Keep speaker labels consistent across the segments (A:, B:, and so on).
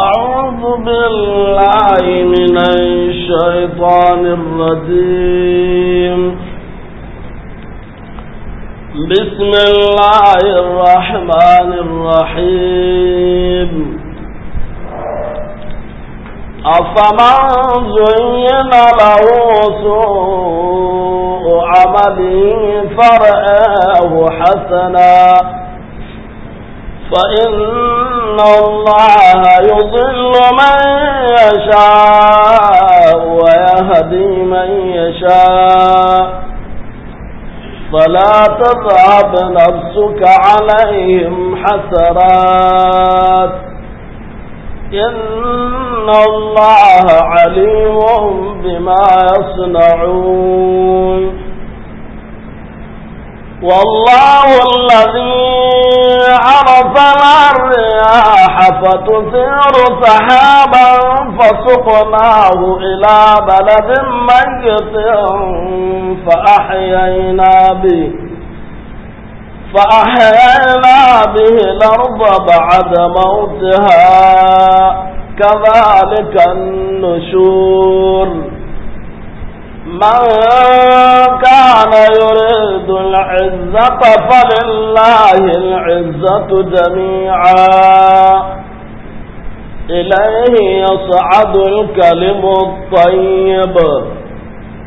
A: أعوذ بالله من الشيطان الرجيم بسم الله الرحمن الرحيم أفمن زين له سوء عمله فرآه حسناً وإن الله يضل من يشاء ويهدي من يشاء فلا تذهب نفسك عليهم حسرات إن الله عليم بما يصنعون والله الذي عرف الرياح فتثير سحابا فسقناه إلى بلد ميت فأحيينا به فأحيينا به الأرض بعد موتها كذلك النشور من كان يريد العزة فلله العزة جميعا إليه يصعد الكلم الطيب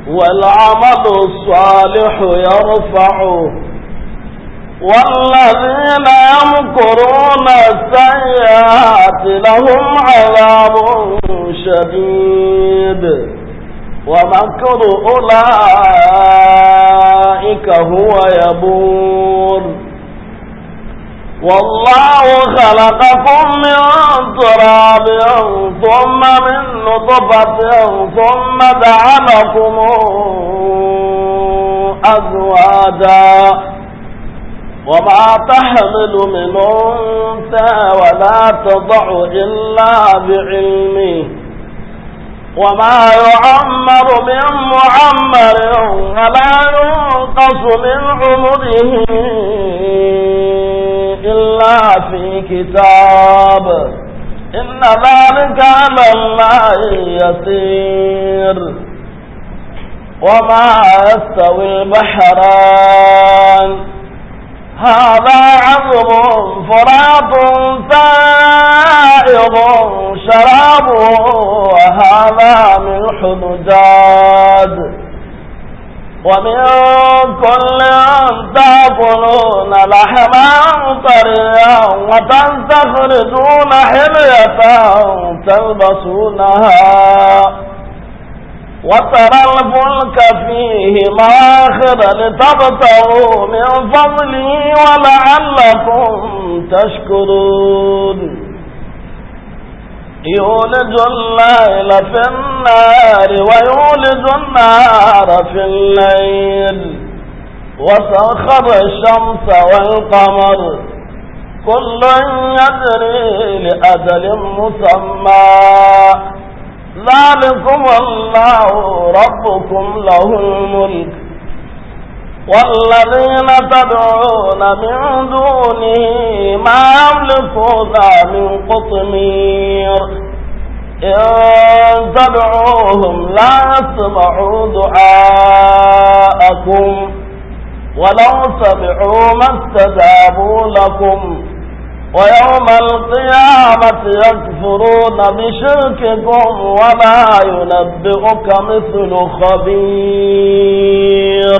A: والعمل الصالح يرفعه والذين يمكرون السيئات لهم عذاب شديد ومكر أولئك هو يبور والله خلقكم من تراب ثم من نطفة ثم دعمكم أزواجا وما تحمل من أنثى ولا تضع إلا بعلمه وما يعمر من معمر ولا ينقص من عمره إلا في كتاب إن ذلك على الله يسير وما يستوي البحران هذا عظم فرات ثاني حائض شرابه وهذا من حمجاد ومن كل تأكلون لحما طريا وتستخرجون حلية تلبسونها وترى الفلك فيه ماخر لتبتغوا من فضلي ولعلكم تشكرون يولج الليل في النار ويولج النار في الليل وسخر الشمس والقمر كل يجري لأجل مسمى ذلكم الله ربكم له الملك والذين تدعون من دونه ما يملكون من قطمير إن تدعوهم لا يسمعوا دعاءكم ولو سمعوا ما استجابوا لكم ويوم القيامة يكفرون بشرككم ولا ينبئك مثل
B: خبير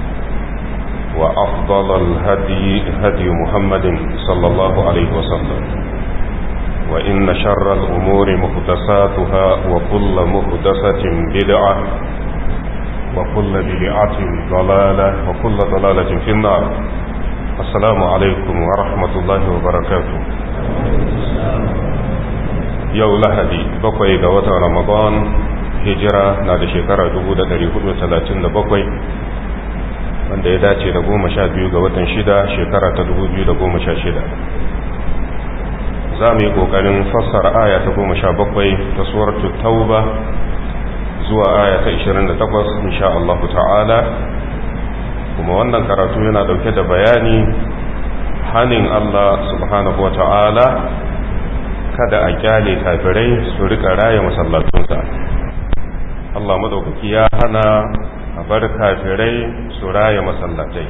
B: وأفضل الهدي هدي محمد صلى الله عليه وسلم وإن شر الأمور محدثاتها وكل محدثة بدعة وكل بدعة ضلالة وكل ضلالة في النار السلام عليكم ورحمة الله وبركاته يوم لهدي بقي دوة رمضان هجرة نادي شكرا دبودة 437 wanda ya dace da goma sha biyu ga watan shida shekara ta dubu biyu da goma sha shida za mu yi ƙoƙarin fassara aya ta goma sha bakwai ta suwar tauba zuwa aya ta ishirin da takwas insha Allah ta'ala kuma wannan karatu yana ɗauke da bayani hanin Allah subhanahu wa ta'ala kada a kyale kafirai su rika raya masallatunsa Allah madaukaki ya hana a bar kafirai su raya masallatai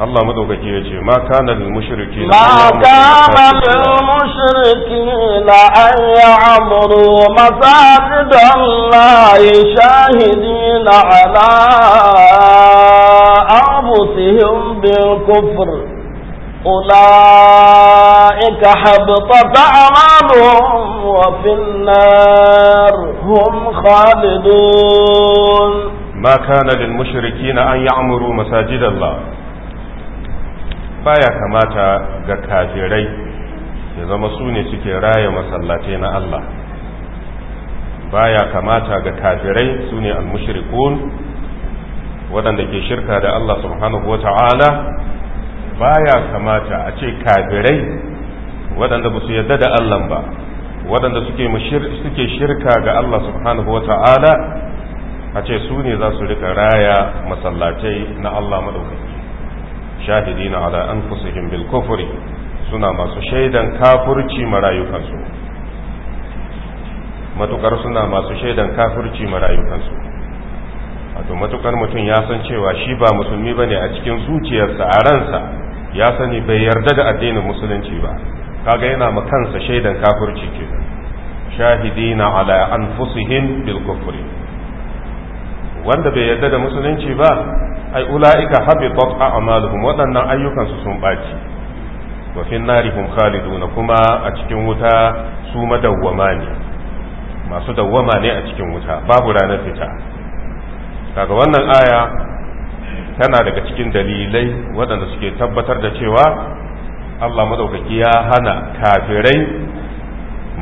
B: Allah madaukaki ya ce ma kana lil mushriki la kana lil
A: mushriki la an ya'muru masajid Allah shahidina ala abusihim bil kufr أولئك حبطت أعمالهم وفي النار هم
B: خالدون ma kana lil mushrikina an ya'muru masajidallah baya kamata ga kafirai ya zama su ne suke raya masallatai na Allah baya kamata ga kafirai su ne al-mushrikun waɗanda ke shirka da Allah subhanahu wa ta'ala baya kamata a ce kafirai waɗanda ba su yadda da Allah ba waɗanda suke shirka ga Allah subhanahu wa ta'ala a ce su ne za su rika raya masallatai na Allah madaukaki shahidina ala anfusihim bil kufri suna masu shaidan kafurci marayukansu matukar suna masu shaidan kafurci marayukansu wato matukar mutum ya san cewa shi ba musulmi bane a cikin zuciyarsa a ransa ya sani bai yarda da addinin musulunci ba kaga yana ma kansa shaidan kafurci ke shahidina ala anfusihim bil kufri wanda bai yarda da musulunci ba ai ula'ika habitat a'maluhum waɗannan ayyukan su sun baci wa fi narihum khaliduna kuma a cikin wuta su madawwama ne masu dawwama ne a cikin wuta babu ranar fita kaga wannan aya tana daga cikin dalilai waɗanda suke tabbatar da cewa Allah madaukaki ya hana kafirai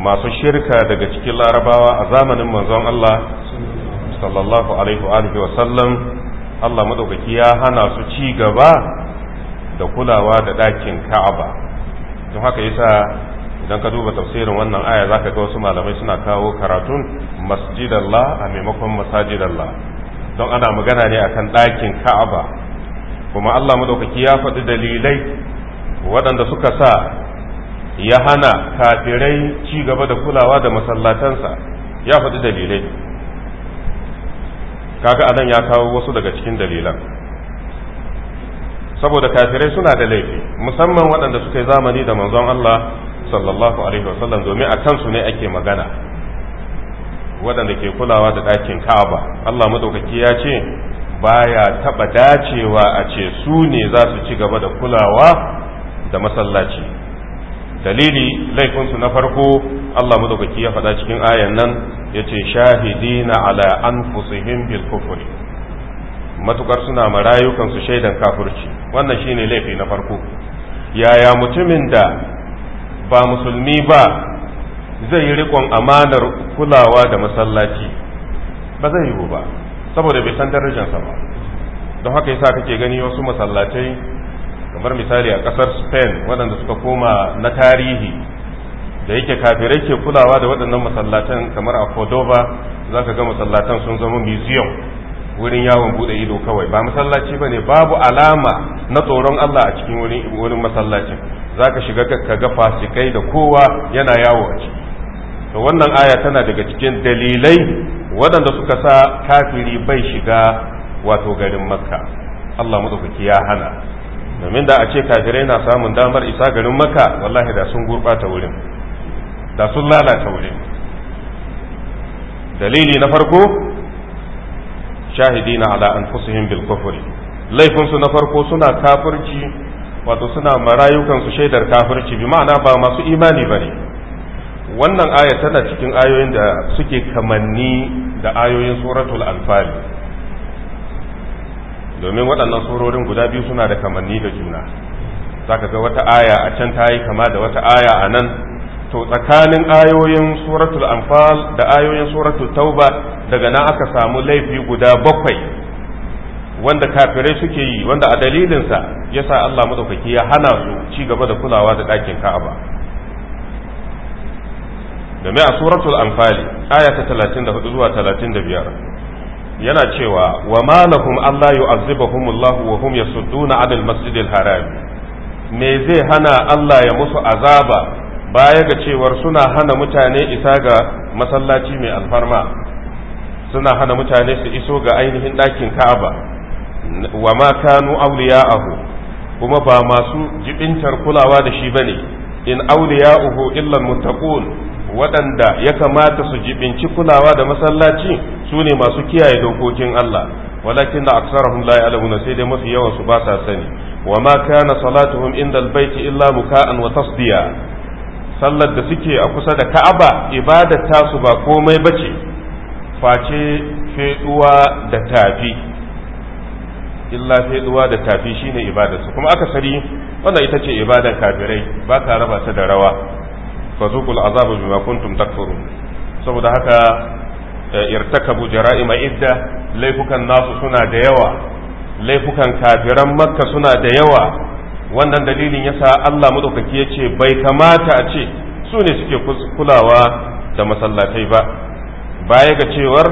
B: masu shirka daga cikin larabawa a zamanin manzon Allah sallallahu alaihi wa alihi wa sallam Allah madaukaki ya hana su ci gaba da kulawa da ɗakin Ka'aba don haka yasa idan ka duba tafsirin wannan aya zaka ga wasu malamai suna kawo karatun masjidallah a maimakon masajidallah don ana magana ne akan ɗakin Ka'aba kuma Allah madaukaki ya faɗi dalilai waɗanda suka sa ya hana kafirai ci gaba da kulawa da masallatansa ya faɗi dalilai kaga anan ya kawo wasu daga cikin dalilan saboda kafirai suna da laifi musamman waɗanda suka yi zamani da manzon Allah sallallahu alaihi wasallam domin a kansu ne ake magana waɗanda ke kulawa da ɗakin Ka'aba Allah madaukaki ya ce baya taɓa dacewa a ce su ne za su ci gaba da kulawa da masallaci dalili laifinsu na farko Allah madaukaki ya faɗa cikin ayan nan ya ce shahidina ala anfusihim bil kufri matukar suna marayukan su shaidan kafurci, wannan shine laifi na farko yaya mutumin da ba musulmi ba zai yi rikon amanar kulawa da masallaci ba zai yiwu ba saboda bai san darajarsa ba don haka yasa kake gani wasu masallatai kamar misali a kasar spain waɗanda suka koma na tarihi da yake kafirai ke kulawa da waɗannan masallatan kamar a cordova za ka ga masallatan sun zama museum wurin yawon bude ido kawai ba masallaci ba ne babu alama na tsoron allah a cikin wurin masallacin za ka shiga ka ga fasikai da kowa yana yawo a ciki to wannan aya tana daga cikin dalilai waɗanda suka sa kafiri bai shiga wato garin makka allah maɗaukaki ya hana domin da a ce kafirai na samun damar isa garin maka wallahi da sun gurɓata wurin da sun lalata wurin dalili na farko shahidi na ala anfusihim bilkofuri laifinsu na farko suna kafirci wato suna marayukansu shaidar kafirci bi ma'ana ba masu imani ba ne wannan aya tana cikin ayoyin da suke kamanni da ayoyin suratul anfali domin waɗannan surorin guda biyu suna da kamanni da juna za ka ga wata aya a can ta yi kama da wata aya a nan to tsakanin ayoyin suratul anfal da ayoyin suratul tauba daga nan aka samu laifi guda bakwai wanda kafirai suke yi wanda a dalilinsa ya sa Allah maɗaukaki ya hana su ci gaba da kulawa da ɗakin ka'aba domin a suratul anfali aya ta talatin da hudu zuwa talatin da biyar. yana cewa wa ma Allah yu'azzibahum Allah wa hum yasudduna 'anil masjidil haram me zai hana Allah ya musu azaba baya ga cewar suna hana mutane isa ga masallaci mai alfarma suna hana mutane su iso ga ainihin ɗakin Ka'aba wa ma kanu awliya'ahu kuma ba masu jibintar kulawa da shi bane in awliya'uhu illa muttaqun waɗanda ya kamata su jibinci kulawa da masallaci su ne masu kiyaye dokokin Allah walakin da aksarahum la ya'lamuna sai dai mafi yawan su ba sa sani wa ma kana salatuhum inda albayt illa muka'an wa tasdiya sallar da suke a kusa da Ka'aba ibadar su ba komai bace face feduwa da tafi illa feduwa da tafi shine ibadarsu kuma aka sari wannan ita ce ibadar kafirai ba ka raba ta da rawa fazuqul azaba bima kuntum takfurun saboda haka irtakabu jara'ima idda laifukan nasu suna da yawa laifukan kafiran makka suna da yawa wannan dalilin yasa Allah madaukaki yace bai kamata a ce su ne suke kulawa da masallatai ba baya ga cewar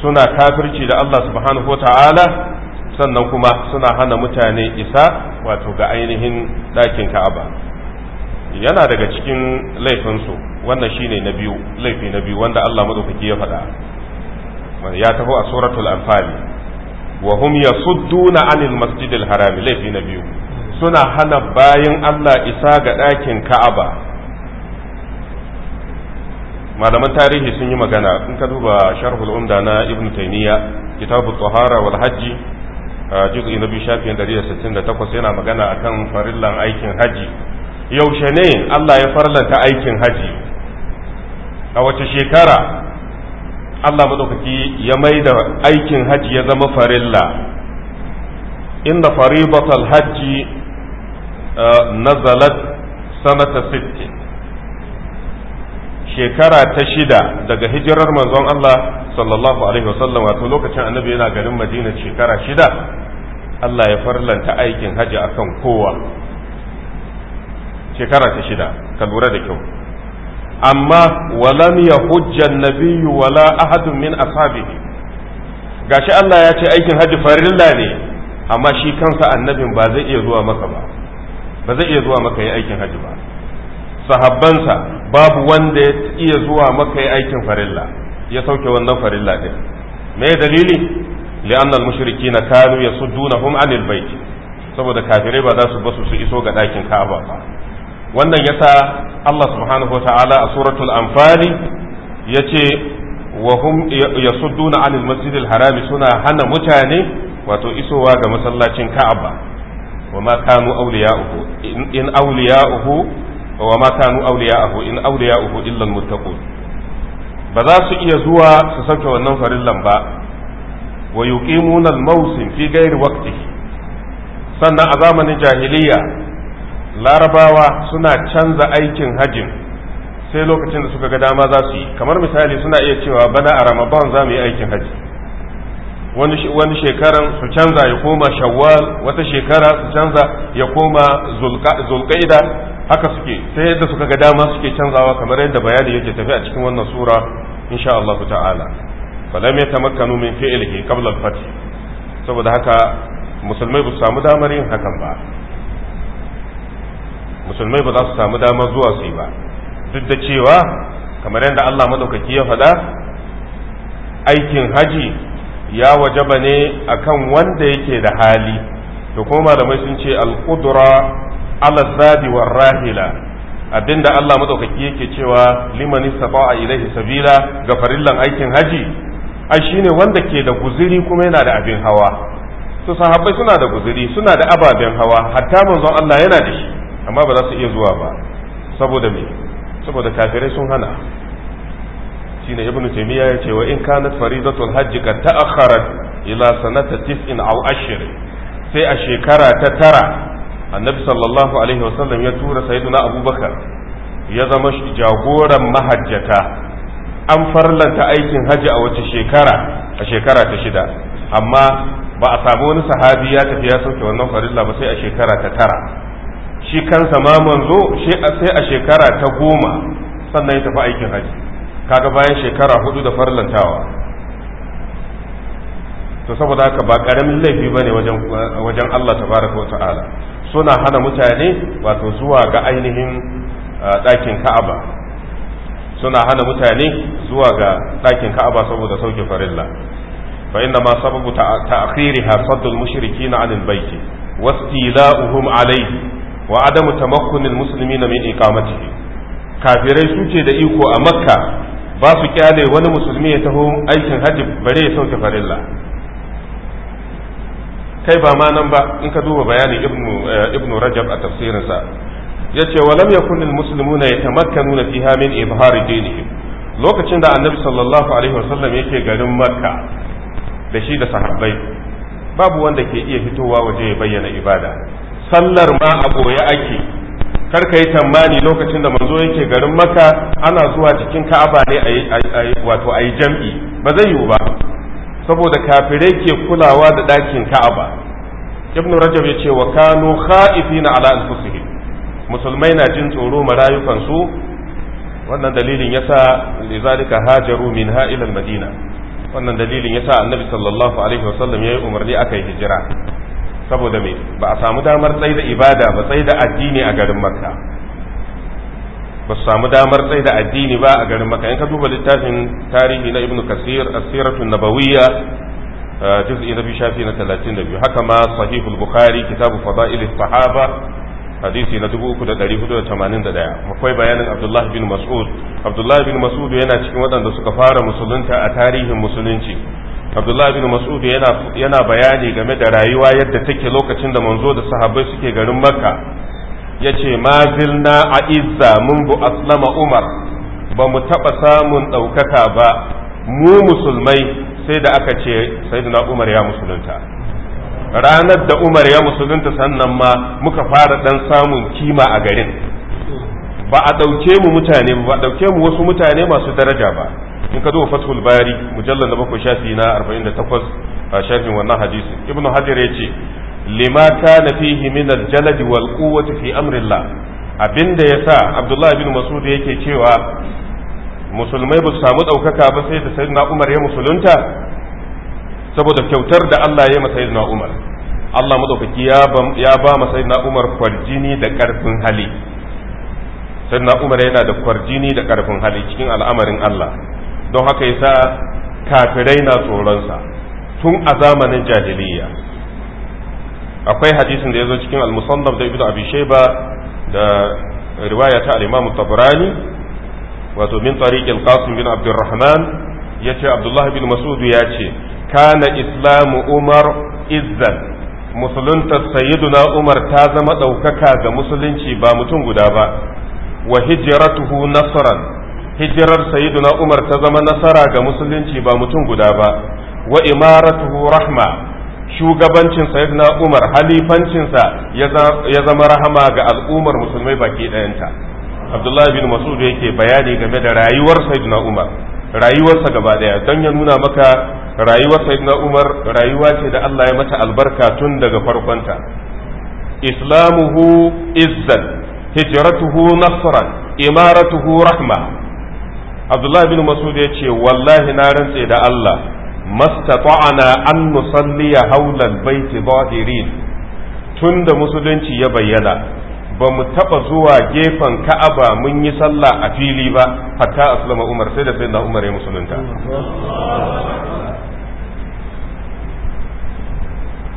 B: suna kafirci da Allah subhanahu ta'ala sannan kuma suna hana mutane isa wato ga ainihin ɗakin ka'aba yana daga cikin laifinsu wannan shine na biyu laifi na biyu wanda Allah madaukaki ya faɗa ya taho a suratul anfal wa hum yasudduna anil masjidil harami laifi na biyu suna hana bayan Allah isa ga ɗakin Ka'aba malaman tarihi sun yi magana in ka duba sharhul umda na ibn taymiya kitabu tahara wal hajji juz'i na biyu shafin 168 yana magana akan farillan aikin haji yaushe ne Allah ya farlanta aikin haji a wace shekara Allah madaukaki ya mai da aikin haji ya zama farilla inna faribatal hajji nazalat sanata 60 shekara ta shida daga hijirar manzon Allah sallallahu alaihi wasallam wato lokacin annabi yana garin madina shekara shida Allah ya farlanta aikin haji akan kowa shekara ta shida ka lura da kyau amma walam ya hujjan nabiyyu wala ahadun min ashabihi gashi Allah ya ce aikin haji farilla ne amma shi kansa annabin ba zai iya zuwa maka ba ba zai iya zuwa maka yi aikin haji ba sahabbansa babu wanda ya iya zuwa maka yi aikin farilla ya sauke wannan farilla din me dalili li'anna al-mushrikeena kanu yasuddunahum 'anil bayt saboda kafirai ba za su basu su iso ga ɗakin Ka'aba ba wannan ya sa Allah subhanahu wata'ala a suratul anfali ce wa hum yasudduna anil masjidil harami suna hana mutane wato isowa ga masallacin Ka'aba wa ma kanu awliya'uhu in awliya'uhu wa ma kanu awliya'uhu in awliya'uhu illa almuttaqun ba za su iya zuwa su sauke wannan farillan ba wa yuqimuna almawsim fi ghairi waqtihi sannan a zamanin jahiliya larabawa suna canza aikin hajjin sai lokacin da suka ga dama za su yi kamar misali suna iya cewa bana a ramadan za mu yi aikin hajji wani shekaran su canza ya koma shawwal wata shekara su canza ya koma zulqa'ida haka suke sai yadda suka ga dama suke canzawa kamar yadda bayani yake tafi a cikin wannan sura insha Allah ta'ala falam yatamakkanu min fi'lihi qabla al-fath saboda haka musulmai ba su samu damar yin hakan ba musulmai ba za su samu damar zuwa su yi ba duk da cewa kamar yadda Allah madaukaki ya faɗa aikin haji ya ba ne akan wanda yake da hali to kuma malamai sun ce al-qudra ala zabi wa rahila abinda Allah madaukaki yake cewa liman istata'a ilaihi sabila ga farillan aikin haji ai shine wanda ke da guziri kuma yana da abin hawa to sahabbai suna da guziri suna da ababen hawa hatta manzon Allah yana da shi amma ba za su iya zuwa ba saboda me saboda kafirai sun hana shi ne ibnu taymiya ya ce wa in kanat faridatul hajji ka ta'akhkharat ila sanata tisin aw 10 sai a shekara ta tara annabi sallallahu alaihi wasallam ya tura sayyiduna abubakar ya zama jagoran mahajjata an farlanta aikin haji a wace shekara a shekara ta shida amma ba a samu wani sahabi ya tafi ya sauke wannan farilla ba sai a shekara ta tara shi kansa ma manzo sai a shekara ta goma sannan ya tafi aikin haji kaga bayan shekara hudu da farlantawa to saboda haka ba karamin laifi ba ne wajen Allah tabaraka wa ta'ala suna hana mutane wato zuwa ga ainihin ɗakin Ka'aba suna hana mutane zuwa ga ɗakin Ka'aba saboda sauke farilla fa inna ma sababu ta'khiriha saddul mushrikina 'anil bayti wastila'uhum alayhi wa adamu tamakkunil muslimina min iqamatihi kafirai suke da iko a makka ba su kyale wani musulmi ya taho aikin hajji bare ya sauke farilla kai ba ma nan ba in ka duba bayanin eh, ibnu rajab a tafsirinsa yace walam yakunil muslimuna yatamakkanuna fiha min izhari dinihim lokacin da annabi sallallahu alaihi wasallam yake garin makka da shi da sahabbai babu wanda ke iya fitowa waje ya bayyana ibada sallar ma a boye ake kar ka yi tambani lokacin da manzo yake garin maka ana zuwa cikin ka'aba ne wato a yi jam'i ba zai yiwu ba saboda kafirai ke kulawa da dakin ka'aba ibnu rajab ya ce wa kanu kha'ifina ala anfusihim musulmai na jin tsoro marayukan su wannan dalilin yasa lizalika hajaru min ha'ilal madina wannan dalilin yasa annabi sallallahu alaihi wasallam yayi umarni akai hijira saboda me ba a samu damar tsaye da ibada ba tsaye da addini a garin makka ba su samu damar tsaye da addini ba a garin makka in ka duba littafin tarihi na ibn kasir asiratun nabawiyya uh, juz'i na biyu shafi na talatin da biyu haka ma sahihul bukhari kitabu fada'il sahaba hadisi na dubu uku da dari hudu da tamanin da ɗaya akwai bayanin abdullahi bin mas'ud abdullahi bin mas'ud yana cikin waɗanda suka fara musulunta a tarihin musulunci abdullah bin mas'ud yana bayani game da rayuwa yadda take lokacin da manzo da sahabbai suke garin makka ce ma zilna a izza bu aslama umar ba mu taɓa samun ɗaukaka ba mu musulmai sai da aka ce sayyidina umar ya musulunta ranar da umar ya musulunta sannan ma muka fara ɗan samun kima a garin ba a ɗauke mu mutane ba ɗauke mu wasu mutane masu daraja ba in ka duba fathul bari mujallar na bakwai shafi na 48 a shafin wannan hadisi ibnu hajar ya ce limata na fihi min aljalad wal quwwati fi amrillah abinda yasa abdullahi bin mas'ud yake cewa musulmai ba su samu ɗaukaka ba sai da sayyidina umar ya musulunta saboda kyautar da Allah ya masa sayyidina umar Allah madaukaki ya ba ma sayyidina umar kwarjini da karfin hali sayyidina umar yana da kwarjini da karfin hali cikin al'amarin Allah don haka yasa kafirai na tsoronsa tun a zamanin jahiliya akwai hadisin da ya zo cikin al-musannaf da ibnu abi shayba da riwaya ta al-imam tabrani wato min tariq al-qasim bin abdurrahman yace abdullah bin mas'ud yace kana islamu umar izzan musulunta sayyiduna umar ta zama ɗaukaka ga musulunci ba mutum guda ba wa hijratuhu nasran hijirar sayyiduna umar ta zama nasara ga musulunci ba mutum guda ba wa imaratuhu rahma shugabancin sayyiduna umar halifancinsa ya zama rahama ga al'ummar musulmai baki ɗayanta abdullahi bin masud yake bayani game da rayuwar sayyiduna umar rayuwarsa gaba ɗaya don ya nuna maka rayuwar sayyiduna umar rayuwa ce da Allah ya mata albarka tun daga farkon ta. islamuhu izzan hijratuhu nasran imaratuhu rahma abdullahi bin masud ya ce wallahi na rantse da Allah mastata'ana an nusalli haulal baiti zahirin tunda musulunci ya bayyana ba mu taba zuwa gefen ka'aba mun yi sallah a fili ba hatta aslama umar sai da sayyidina umar ya musulunta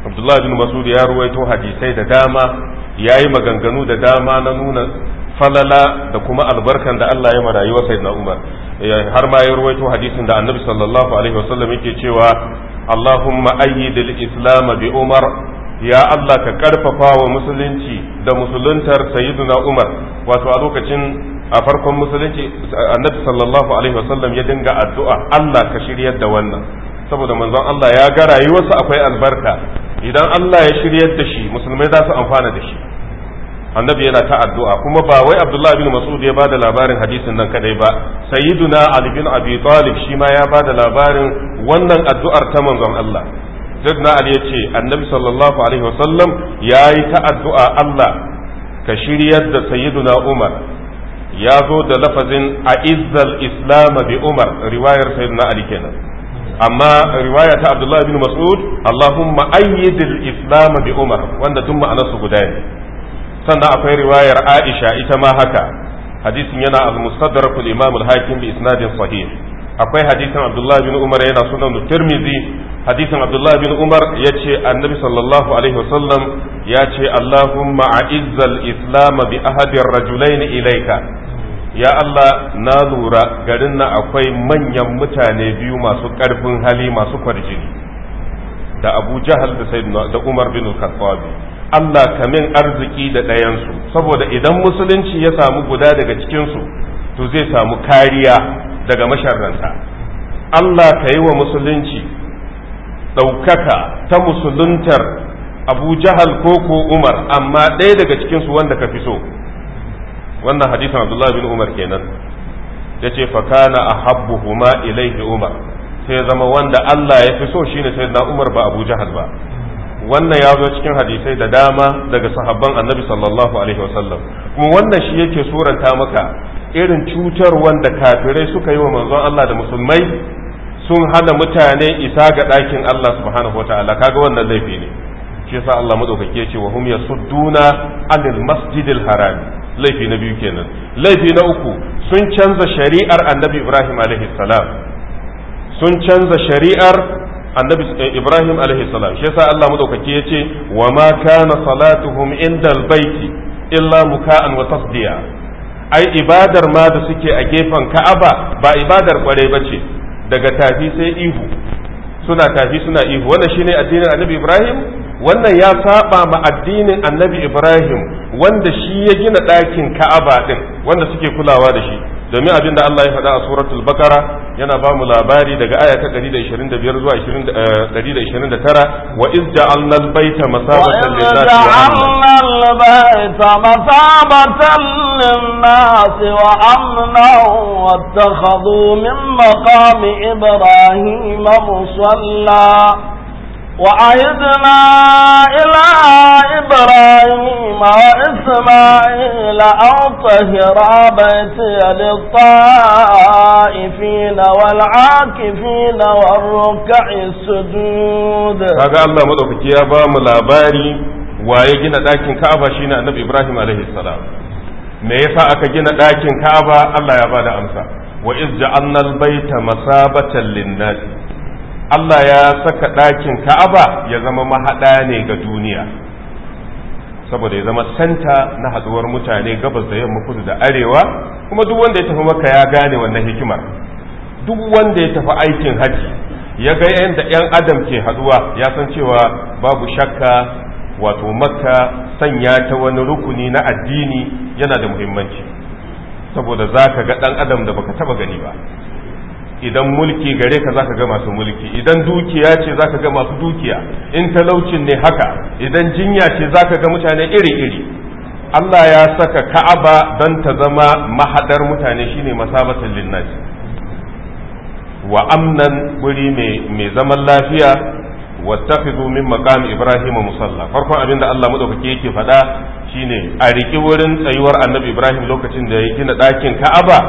B: abdullahi bin masud ya ruwaito hadisai da dama ya yi maganganu da dama na nuna falala da kuma albarkan da Allah ya ma rayuwar sayyidina Umar eh, har ma ya ruwaito hadisin da annabi sallallahu alaihi wasallam yake cewa Allahumma ayyid al-islam bi Umar ya Allah ka karfafa wa musulunci da musuluntar sayyidina Umar wato a lokacin a farkon musulunci annabi sallallahu alaihi wasallam ya dinga addu'a Allah ka shiryar da wannan saboda manzon Allah ya ga rayuwarsa akwai albarka idan Allah ya shiryar da shi musulmai za su amfana da shi annabi yana ta addu'a kuma ba wai abdullahi bin mas'ud ya bada labarin hadisin nan kadai ba sayyiduna ali bin abi talib shi ma ya bada labarin wannan addu'ar ta manzon Allah sayyiduna ali ya ce annabi sallallahu alaihi wasallam ya yi ta addu'a Allah ka shiryar da sayyiduna umar ya zo da lafazin a izzal islam bi umar riwayar sayyiduna ali kenan amma riwaya ta abdullahi bin mas'ud allahumma ayyidil islam bi umar wanda tun su guda ne sannan akwai riwayar aisha ita ma haka hadisin yana al-mustadrak al-imam al-hakim bi isnadin sahih akwai hadisin abdullahi bin umar yana sunan tirmizi hadisin abdullahi bin umar ya ce annabi sallallahu alaihi wasallam ya ce allahumma a'izzal islam bi ahadir rajulaini ilayka ya Allah na lura garin na akwai manyan mutane biyu masu ƙarfin hali masu kwarjini da abu jahal da da umar bin al Allah kamin arziki da ɗayansu saboda idan musulunci ya samu guda daga cikinsu to zai samu kariya daga masharranta Allah ka yi wa musulunci ɗaukaka ta musuluntar abu jahal ko ko umar amma ɗaya daga cikinsu wanda ka fi so wannan hadisin abdullahi bin umar kenan ya ce fakana a habbu huma ilaihi umar sai zama wanda allah ya fi so shine sai na umar ba abu jahal ba wannan ya zo cikin hadisai da dama daga sahabban annabi sallallahu alaihi wasallam kuma wannan shi yake suranta maka irin cutar wanda kafirai suka yi wa manzon allah da musulmai sun hana mutane isa ga ɗakin allah subhanahu wa ta'ala kaga wannan laifi ne shi yasa Allah madaukake ya ce wa hum yasudduna anil masjidil haram laifi na biyu kenan laifi na uku sun canza shari'ar annabi Ibrahim alaihi salam sun canza shari'ar annabi eh, Ibrahim alaihi salam shi yasa Allah madaukake ya ce wa ma kana salatuhum indal baiti illa muka'an wa tasdiya ai ibadar ma da suke a gefen Ka'aba ba ibadar kwarai bace daga tafi sai ihu suna tafi suna ihu wannan shine addinin annabi Ibrahim wannan ya saba ma addinin annabi ibrahim wanda shi ya gina ɗakin ka'aba ɗin wanda suke kulawa da shi domin abin da allah ya faɗa a suratul bakara yana ba mu labari daga aya ta 125 zuwa 129 eh, wa iz ja'alna al-baita masabatan
A: lin-nasi wa amna wa takhadhu min maqami ibrahim musalla وعيدنا إلى إبراهيم وإسماعيل أن طهر بيتي للطائفين والعاكفين والركع السجود هذا الله
B: مدعوك يا بام الأباري waye gina ɗakin Ka'aba shine Annabi Ibrahim alaihi salam me yasa aka gina ɗakin Ka'aba Allah ya bada amsa wa iz ja'alna al-baita masabatan lin Allah ya saka ɗakin Ka'aba ya zama mahaɗa ne ga duniya saboda ya zama santa na haɗuwar mutane gabas da yamma kudu da arewa kuma duk wanda ya tafi maka ya gane wannan hikimar duk wanda ya tafi aikin haji ya ga yadda 'yan adam ke haɗuwa ya san cewa babu shakka wato makka sanya ta wani rukuni na addini yana da muhimmanci saboda za ka ga ɗan adam da baka taba gani ba idan mulki gare ka zaka ga masu mulki idan dukiya ce zaka ga masu dukiya in talaucin ne haka idan jinya ce zaka ga mutane iri-iri Allah ya saka Ka'aba don ta zama mahadar mutane shine masabatan linnas wa amnan guri mai zaman lafiya wattakhidhu min maqam ibrahim musalla farkon abin da Allah madaukake yake faɗa shine a riki wurin tsayuwar annabi ibrahim lokacin da ya gina ɗakin ka'aba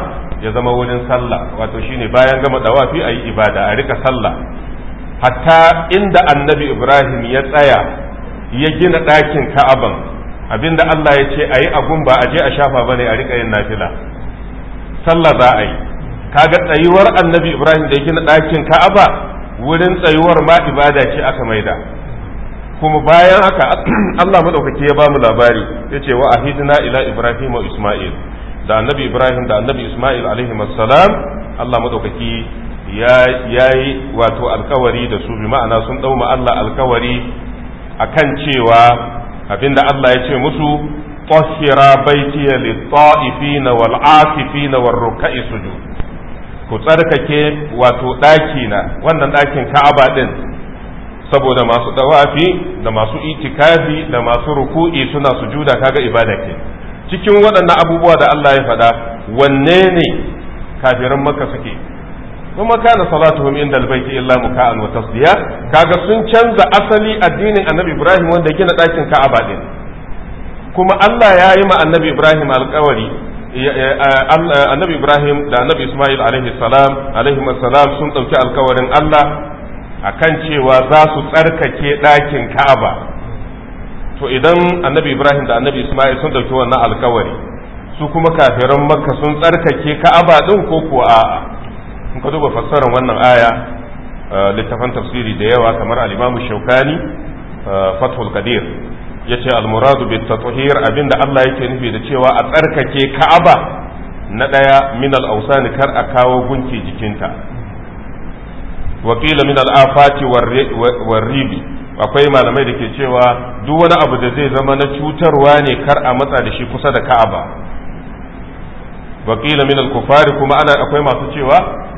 B: ya zama wurin sallah wato shine bayan gama dawafi a yi ibada a rika sallah hatta inda annabi ibrahim ya tsaya ya gina ɗakin ka'aban abinda allah ya ce a yi agun ba a je a shafa ba ne a rika yin nafila sallah za a yi kaga tsayuwar annabi ibrahim da ya gina ɗakin ka'aba wurin tsayuwar ma ibada ce aka maida kuma bayan haka Allah madaukaki ya bamu labari yace wa ahidna ila ibrahim wa isma'il da annabi ibrahim da annabi isma'il alaihi assalam Allah madaukaki ya yi wato alkawari da su bi ma'ana sun dauma Allah alkawari akan cewa abinda Allah ya ce musu tahira baitiya lit-ta'ifina wal-'akifina war-ruk'i sujud ku tsarkake wato ɗakina wannan ɗakin ka'aba ɗin saboda masu ɗawafi da masu itikafi da masu ruku'i suna sujuda kaga ibada ke cikin waɗannan abubuwa da Allah ya faɗa wanne ne kafiran makka suke kuma kana salatuhum inda albayti illa muka'an wa tasdiya kaga sun canza asali addinin annabi Ibrahim wanda gina ɗakin Ka'aba din kuma Allah ya yi ma annabi Ibrahim alƙawari annabi Ibrahim da annabi Ismail alaihi salam alaihi salam sun ɗauki alƙawarin Allah akan cewa za su tsarkake ɗakin ka'aba to idan annabi ibrahim da annabi isma'il sun dauki wannan alkawari su kuma kafiran makka sun tsarkake ka'aba din ko kuwa a'a in ka duba fassarar wannan aya eh, littafan tafsiri da yawa kamar al-imamu shaukani eh, fathul qadir yace al-muradu bit tathhir abinda Allah yake nufi da cewa a tsarkake ka'aba na daya min al-awsan kar a kawo gunki jikinta wakila min al'afati warribi akwai malamai da ke cewa duk wani abu da zai zama na cutarwa ne kar a matsa da shi kusa da ka'aba wakila min al-kufari kuma ana akwai masu cewa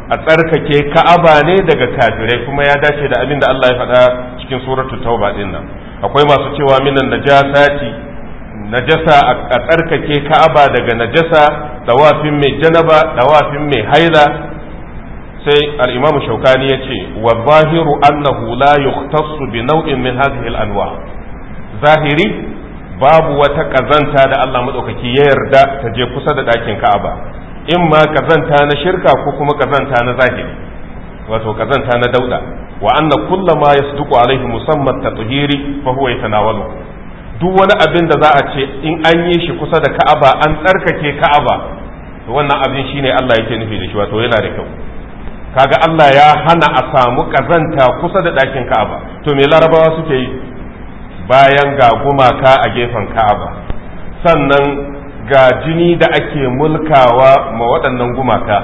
B: a tsarkake ka'aba ne daga kafirai kuma ya dace da abin da Allah ya faɗa cikin suratu tauba din nan akwai masu cewa minan najasati najasa a tsarkake ka'aba daga najasa dawafin mai janaba dawafin mai haila sai al-imam shaukani yace wa zahiru annahu la yukhtassu bi naw'in min hadhihi al-anwa zahiri babu wata kazanta da Allah madaukaki ya yarda ta je kusa da dakin Ka'aba in ma kazanta na shirka ko kuma kazanta na zahiri wato kazanta na dauda wa anna kullu ma yasduqu alaihi musamman tatheeri fa huwa yatanawalu duk wani abin da za a ce in an yi shi kusa da Ka'aba an tsarkake Ka'aba to wannan abin shine Allah yake nufi da shi wato yana da kyau kaga Allah ya hana a samu kazanta kusa da ɗakin Ka'aba to me larabawa suke yi bayan ga gumaka a gefen Ka'aba sannan ga jini da ake mulkawa ma waɗannan gumaka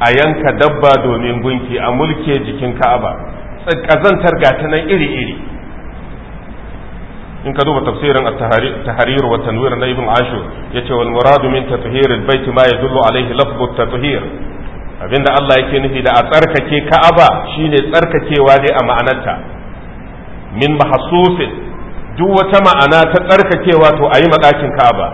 B: a yanka dabba domin gunki a mulke jikin Ka'aba kazantar ta nan iri-iri in ka duba tafsirin tahrir wa tanwir na ibn ashur yace wal muradu min tathhir al-bayt ma yadullu alayhi lafzu at-tathhir abinda Allah yake nufi da a tsarkake ka'aba shine tsarkakewa dai a ma'anarta min mahsusin duk wata ma'ana ta tsarkakewa to a yi madakin ka'aba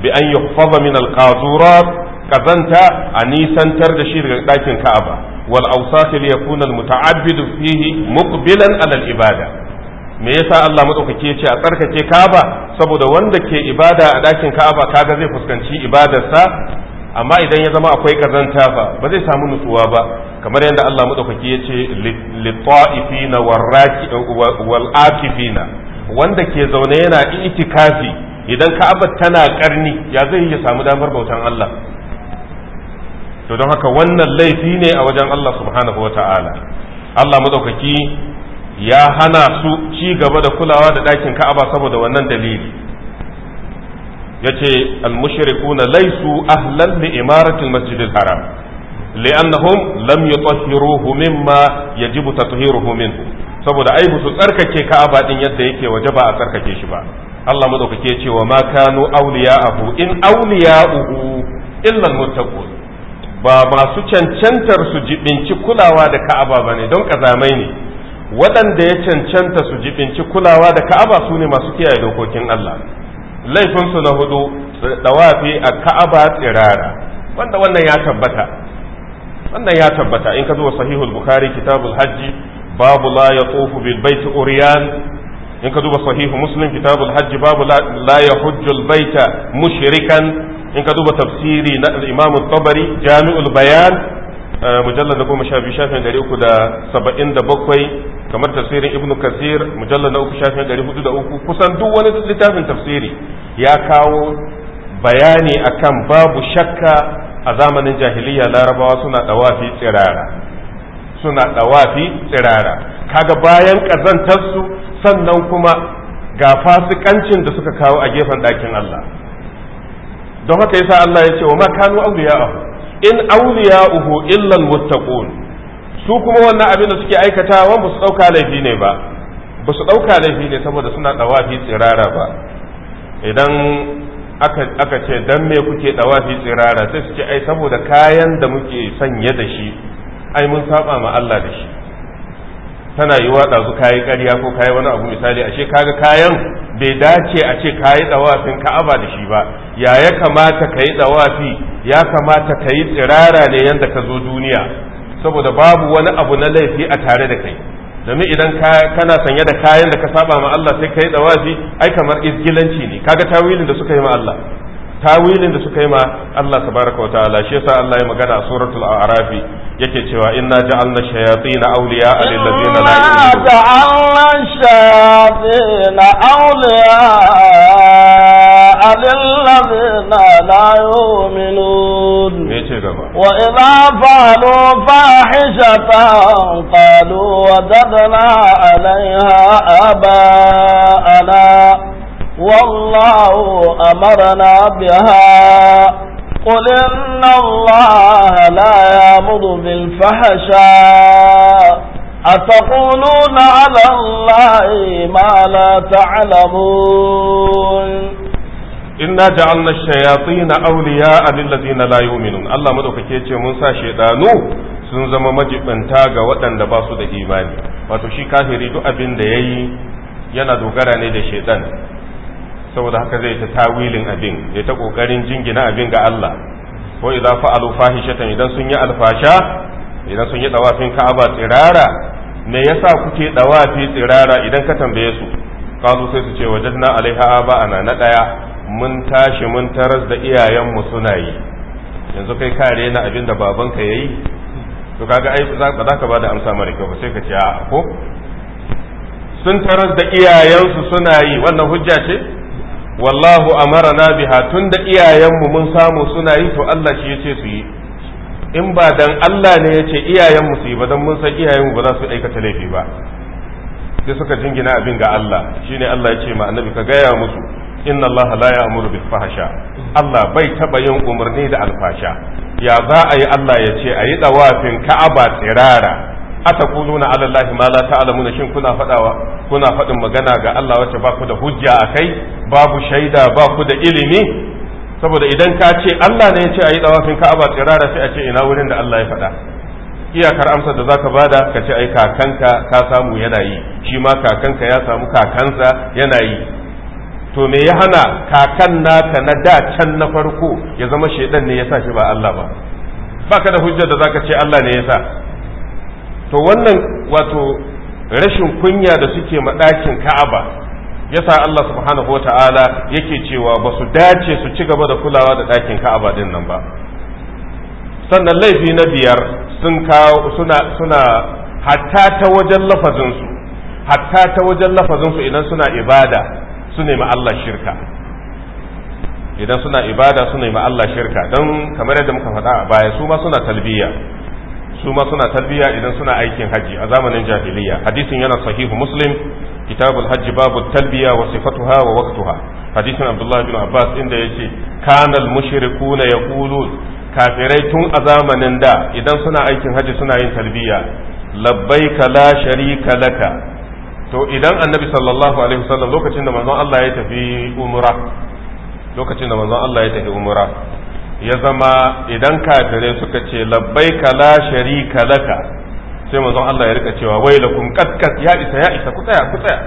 B: bi an yuhfaza min alqazurat kazanta a nisantar da shi daga ɗakin ka'aba wal awsatil yakuna al muta'abbidu fihi muqbilan ala ibada me yasa Allah madaukake ce a tsarkake ka'aba saboda wanda ke ibada a ɗakin ka'aba kaga zai fuskanci ibadarsa amma idan ya zama akwai kazanta fa ba zai samu nutsuwa ba kamar yadda Allah madaukaki ya ce litta'ifina wal akifina wanda ke zaune yana itikafi idan ka'aba tana karni ya zai ya samu damar bautan Allah to don haka wannan laifi ne a wajen Allah subhanahu wata'ala Allah madaukaki ya hana su ci gaba da kulawa da ɗakin ka'aba saboda wannan dalili yace al-mushrikuna laysu ahlan li imarati al-masjid al-haram li'annahum lam yutahhiruhu mimma yajibu tatahhiruhu min saboda ai su tsarkake ka'aba din yadda yake wajaba a tsarkake shi ba Allah madaukake ya ce wa ma kanu abu in uhu illa al-muttaqun ba masu cancantar su jibinci kulawa da ka'aba bane don kazamai ne waɗanda ya cancanta su jibinci kulawa da ka'aba su ne masu kiyaye dokokin Allah laifinsu na hudu dawafi a ka'aba tsirara wanda wannan ya tabbata wannan ya tabbata in ka zo sahihul bukhari kitabul hajji babu la yatufu bil baiti uriyan in ka duba sahihu muslim kitabul hajji babu la yahujjul baita mushrikan in ka duba tafsiri na al-imam tabari jami'ul bayan mujallar na goma sha biyu shafin ɗari uku da saba'in da bakwai kamar tafsirin ibnu kasir mujallar na uku shafin ɗari hudu da uku kusan duk wani littafin tafsiri ya kawo bayani akan babu shakka a zamanin jahiliya larabawa suna ɗawafi tsirara suna ɗawafi tsirara kaga bayan su sannan kuma ga fasikancin da suka kawo a gefen ɗakin Allah don haka yasa Allah ya ce wa ma ya auliya in awliya'uhu illa muttaqun su kuma wannan abin da suke aikatawa ba su dauka laifi ne ba ba su dauka laifi ne saboda suna dawafi tsirara ba idan aka ce dan me kuke dawafi tsirara sai suke ai saboda kayan da muke sanya da shi ai mun saba ma Allah da shi tana yiwa ɗazu kayi ƙarya ko kayi wani abu misali ashe kaga kayan bai dace a ce kayi ɗawafin ka'aba da shi ba ya ya kamata kayi ɗawafi ya kamata kayi tsirara ne yanda ka zo duniya saboda babu wani abu na laifi a tare da kai domin idan kana sanye da kayan da ka saba ma Allah sai kayi ɗawafi ai kamar izgilanci ne kaga tawilin da suka yi ma Allah tawilin da suka yi ma Allah tabaraka wa ta'ala shi yasa Allah ya magana a suratul a'rafi yake cewa inna ja'alna shayatin awliya lil ladina la yu'minun
A: ja'alna shayatin awliya lil ladina la yu'minun
B: me ce gaba wa
A: idza fa'alu fahishatan qalu wajadna 'alayha aba'ana والله أمرنا بها قل إن الله لا يامر بالفحشاء أتقولون
B: على الله ما لا تعلمون إنا جعلنا الشياطين أولياء للذين لا يؤمنون الله yu'minun Allah madaukake yace mun sa sun zama majibanta ga waɗanda ba su da imani wato shi kafiri duk abin da yayi yana dogara ne da shaydan saboda haka zai ta tawilin abin ya ta kokarin jingina abin ga Allah ko idan fa'alu fahishatan idan sun yi alfasha idan sun yi dawafin Ka'aba tsirara me yasa kuke dawafi tsirara idan ka tambaye su kawo sai su ce wajadna alaiha aba ana na daya mun tashi mun taras da iyayenmu suna yi yanzu kai kare na abin da babanka yayi to kaga ai ba za ka bada amsa mare kyau ba sai ka ce a ko sun taras da iyayensu suna yi wannan hujja ce wallahu Amara na biha da iyayenmu mun samu suna yi to Allah shi yace su yi in ba dan Allah ne yace iyayenmu su yi ba dan mun san iyayenmu ba za su aikata laifi ba sai suka jingina abin ga Allah shine Allah yace ma annabi ka gaya musu inna Allah la ya'muru bil fahsha Allah bai taba yin umarni da alfasha ya za a yi Allah yace ce a yi dawafin Ka'aba tsirara atakununa ala allahi ma la ta'lamuna shin kuna fadawa kuna fadin magana ga Allah wacce ba ku da hujja akai babu shaida ba ku da ilimi saboda idan ka ce Allah ne ya ce ayi dawafin Ka'aba tsirara sai a ce ina wurin da Allah ya fada iyakar amsar da zaka bada ka ce ai kakanka ka samu yana yi shi ma kakanka ya samu kakansa yana yi to me ya hana kakan naka na da can na farko ya zama shedan ne ya sa shi ba Allah ba baka da hujjar da zaka ce Allah ne ya sa to wannan wato rashin kunya da suke ɗakin ka'aba yasa Allah subhanahu wa ta'ala yake cewa ba su dace su ci gaba da kulawa da ɗakin ka'aba ɗin nan ba sannan laifi na biyar sun kawo suna suna hatta ta wajen lafazinsu hatta ta wajen lafazinsu idan suna ibada su nemi Allah shirka idan suna ibada su nemi Allah shirka don kamar yadda muka faɗa a baya su ma suna talbiya su ma suna tarbiya idan suna aikin haji a zamanin jahiliya hadisin yana sahihu muslim kitabul hajji babu talbiya wa sifatuha wa waqtuha hadisin abdullahi bin abbas inda yace kanal mushrikuna yaqulun kafirai tun a zamanin da idan suna aikin haji suna yin talbiya labbaika la sharika laka to idan annabi sallallahu alaihi wasallam lokacin da manzon Allah ya tafi umra lokacin da manzon Allah ya tafi umra ya zama idan kafirai suka ce labbai la sharika laka sai manzon Allah ya rika cewa wai lakum qasqas ya isa ya isa ku tsaya ku tsaya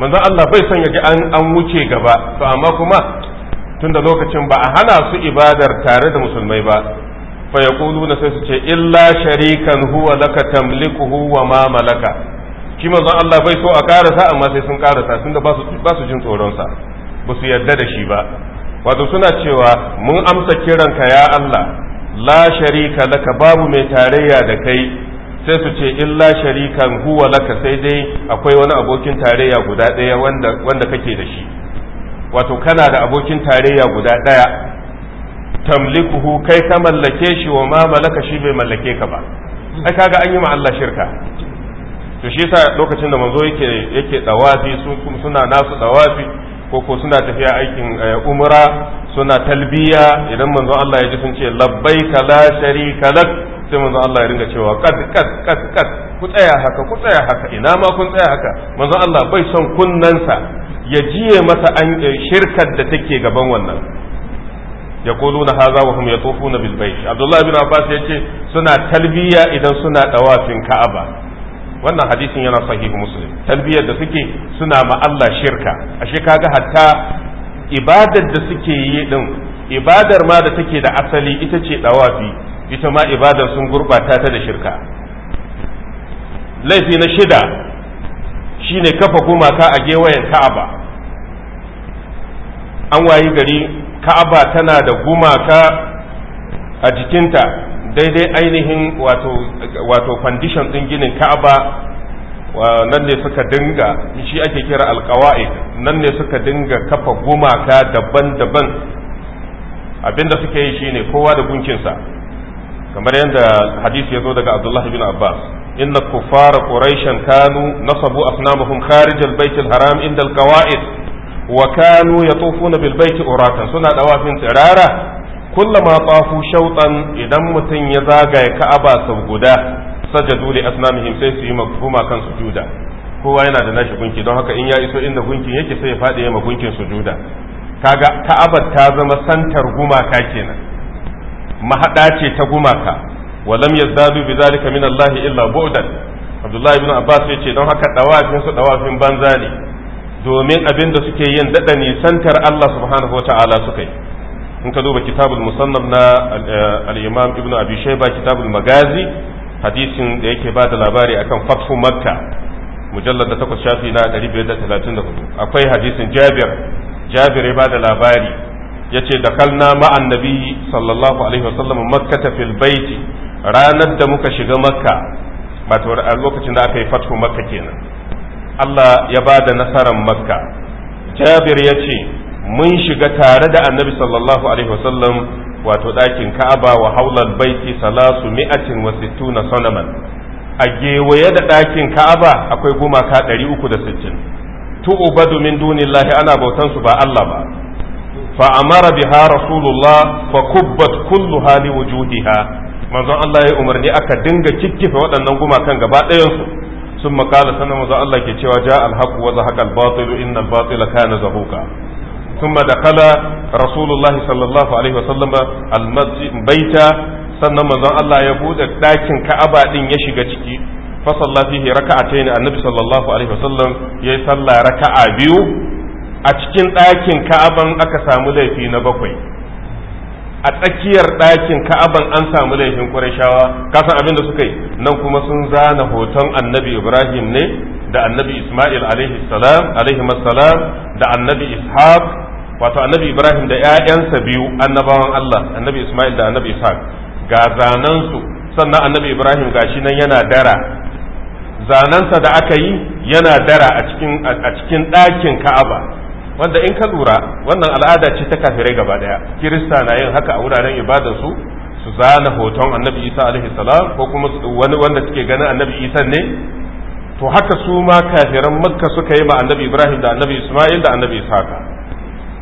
B: manzon Allah bai son ya ji an an wuce gaba to amma kuma tunda lokacin ba a hana su ibadar tare da musulmai ba fa yaquluna sai su ce illa sharikan huwa laka tamlikuhu wa ma malaka shi manzon Allah bai so a karasa amma sai sun karasa tunda ba ba su jin tsoron sa ba su yarda da shi ba wato suna cewa mun amsa kiranka ya Allah la sharika laka babu mai tarayya da kai sai su ce illa sharikan huwa laka sai dai akwai wani abokin tarayya guda ɗaya wanda kake da shi wato kana da abokin tarayya guda ɗaya tamlikuhu kai ka mallake shi wa ma malaka shi bai mallake ka ba ai kaga an yi ma Allah shirka to shi yasa lokacin da manzo yake yake dawafi su suna nasu dawafi ko ko suna tafiya aikin eh, umra suna talbiya idan manzo Allah ya ji sun ce labbaika la sharika lak sai manzo Allah ya ringa cewa kad kad kad kad ku tsaya haka ku tsaya haka ina ma kun tsaya haka Manzo Allah bai son kunnansa ya jiye masa an eh, shirkar da take gaban wannan Ya na haza wa hum yatufuna bil bayt Abdullahi Bin Abbas yace suna talbiya idan suna dawafin Ka'aba wannan hadisin yana sahihu muslim talbiyar da suke suna ma Allah shirka ashe kaga hatta ibadar da suke yi din ibadar ma da take da asali ita ce dawafi ita ma ibadar sun gurbata ta da shirka laifi na shida shine kafa gumaka a gewayen ka'aba an wayi gari ka'aba tana da gumaka a jikinta daidai ainihin wato condition ɗin ginin ka'aba nan ne suka dinga shi ake kira alkawa'id nan ne suka dinga kafa gumaka daban-daban abinda suka yi shine kowa da gunkinsa kamar yadda hadisi ya zo daga abdullahi bin abbas inna kufara quraishan kanu nasabu asnamahum kharij albayt alharam inda alqawa'id wa kanu yatufuna bilbayt uratan suna dawafin tsirara Kulla tafu shautan idan mutum ya zagaya ka'aba sau guda sajadu li asnamihim sai su yi magfuma kan sujuda kowa yana da nashi gunki don haka in ya iso inda gunkin yake sai ya faɗi ya gunkin sujuda kaga ka'aba ta zama santar gumaka kenan mahada ta gumaka walam yazdadu bizalika min Allah illa bu'dan Abdullahi ibn Abbas yace don haka dawafin su banza ne domin abin da suke yin dada ne santar Allah subhanahu suka yi in ka duba kitabul musannaf na eh, al-imam ibn abi shayba kitabul magazi hadisin da yake ba da labari akan fathu makka mujallad da takwas shafi na 534 akwai hadisin jabir jabir ya ba da labari yace da kalna ma'an nabi sallallahu alaihi wasallam makka fil baiti ranar da muka shiga makka ba ta lokacin da aka yi fathu makka kenan Allah ya ba da nasarar makka jabir ya ce mun shiga tare da annabi sallallahu alaihi wasallam wato ɗakin ka'aba wa haulal baiti salasu mi'atin wa sittuna sanaman a gewaye da ɗakin ka'aba akwai gumaka ɗari uku da sittin tu'ubadu min dunillahi ana bautan su ba Allah ba fa amara biha rasulullah fa kubbat kullu hali wujuhiha manzon Allah ya umarni aka dinga kikkife waɗannan gumakan gaba ɗayan su sun makala sanan manzon Allah ke cewa ja alhaqu wa zahaqa albatil inna na kana zahuqa ثم دخل رسول الله صلى الله عليه وسلم المسجد بيتا sannan manzon Allah ya bude ɗakin Ka'aba din ya shiga ciki fa salla fihi raka'atayn annabi sallallahu alaihi wasallam yayi salla raka'a biyu a cikin ɗakin Ka'aban aka samu laifi na bakwai a tsakiyar ɗakin Ka'aban an samu laifin Qurayshawa kasan abin da suka yi nan kuma sun zana hoton annabi Ibrahim ne da annabi Ismail alaihi salam alaihi salam da annabi Ishaq wato annabi ibrahim da 'ya'yansa biyu annabawan allah annabi isma'il da annabi ishaq ga zanensu sannan annabi ibrahim gashi nan yana dara zanensa da aka yi yana dara a cikin ɗakin ka'aba wanda in ka lura wannan al'ada ce ta kafirai gaba daya kirista na yin haka a wuraren ibadarsu su zana hoton annabi isa alaihi salam ko kuma wani wanda suke ganin annabi isa ne to haka su ma kafiran makka suka yi ma annabi ibrahim da annabi isma'il da annabi ishaq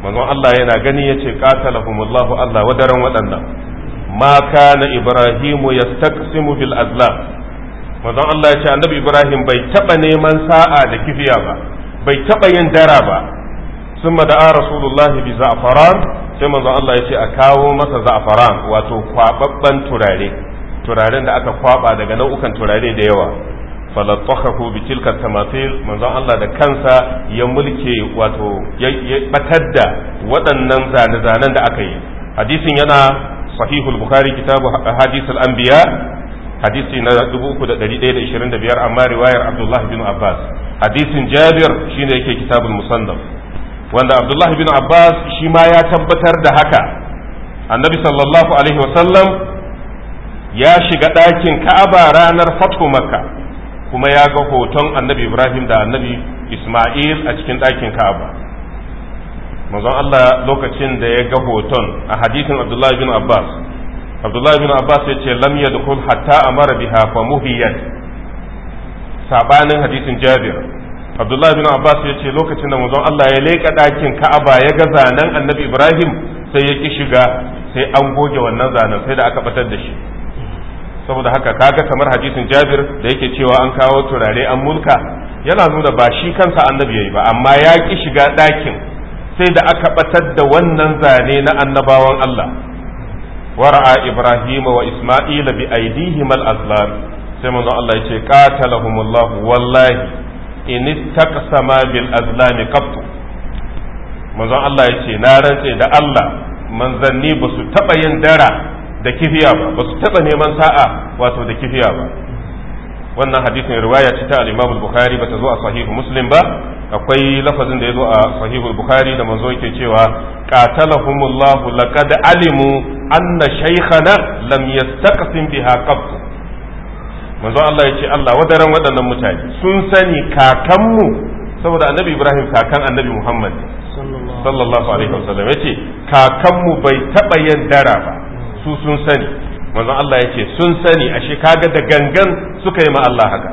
B: manzon Allah yana gani yace qatalahumullahu Allah wadaran waɗannan ma kana ibrahimu yastaqsimu bil azla manzon Allah yace annabi ibrahim bai taba neman sa'a da kifiya ba bai taba yin dara ba ثم دعا rasulullahi الله بزعفران sai manzon Allah ya ce a kawo masa za'afaran wato kwababban turare turaren da aka kwaba daga nau'ukan turare da yawa falatakahu bi tilka tamathil manzon Allah da kansa ya mulke wato ya batar da waɗannan zane-zanen da aka yi hadisin yana sahihul bukhari kitabu hadisul anbiya hadisi na 3125 amma riwayar Abdullahi bin Abbas hadisin Jabir shine yake kitabul musannaf wanda Abdullahi bin Abbas shi ma ya tabbatar da haka annabi sallallahu alaihi wasallam ya shiga ɗakin Ka'aba ranar fatu Makka kuma ya ga hoton annabi ibrahim da annabi isma'il a cikin ɗakin ka'aba manzon allah lokacin da ya ga hoton a hadisin abdullahi bin abbas abdullahi bin abbas ya ce lam yadkhul hatta amara biha fa muhiyat sabanin hadisin jabir abdullahi bin abbas ya ce lokacin da manzon allah ya leƙa ɗakin ka'aba ya ga zanen annabi ibrahim sai ya ki shiga sai an goge wannan zanen sai da aka batar da shi saboda haka kaga kamar hadisin jabir da yake cewa an kawo turare an mulka yana nuna ba shi kansa annabi yayi ba amma ya ki shiga ɗakin sai da aka batar da wannan zane na annabawan Allah wara'a ibrahima wa isma'ila bi aidihim al sai manzo Allah yace qatalahumullah wallahi in istaqsama bil azlam qattu manzo Allah yace na rantse da Allah manzanni ba su taba yin dara da kifiya ba ba su taɓa neman sa'a wato da kifiya ba wannan hadisin riwaya ce ta al-Imam bukhari ta zo a sahihu Muslim ba akwai lafazin da ya zo a sahihu bukhari da manzo yake cewa qatalahumullahu laqad alimu anna shaykhana lam yastaqsim biha qabt manzo Allah yace Allah wadaran waɗannan mutane sun sani kakanmu saboda annabi Ibrahim kakan annabi Muhammad sallallahu alaihi wasallam yace kakanmu bai taɓa yin dara ba su sun sani manzon Allah ya ce sun sani ashe kaga da gangan suka yi ma Allah haka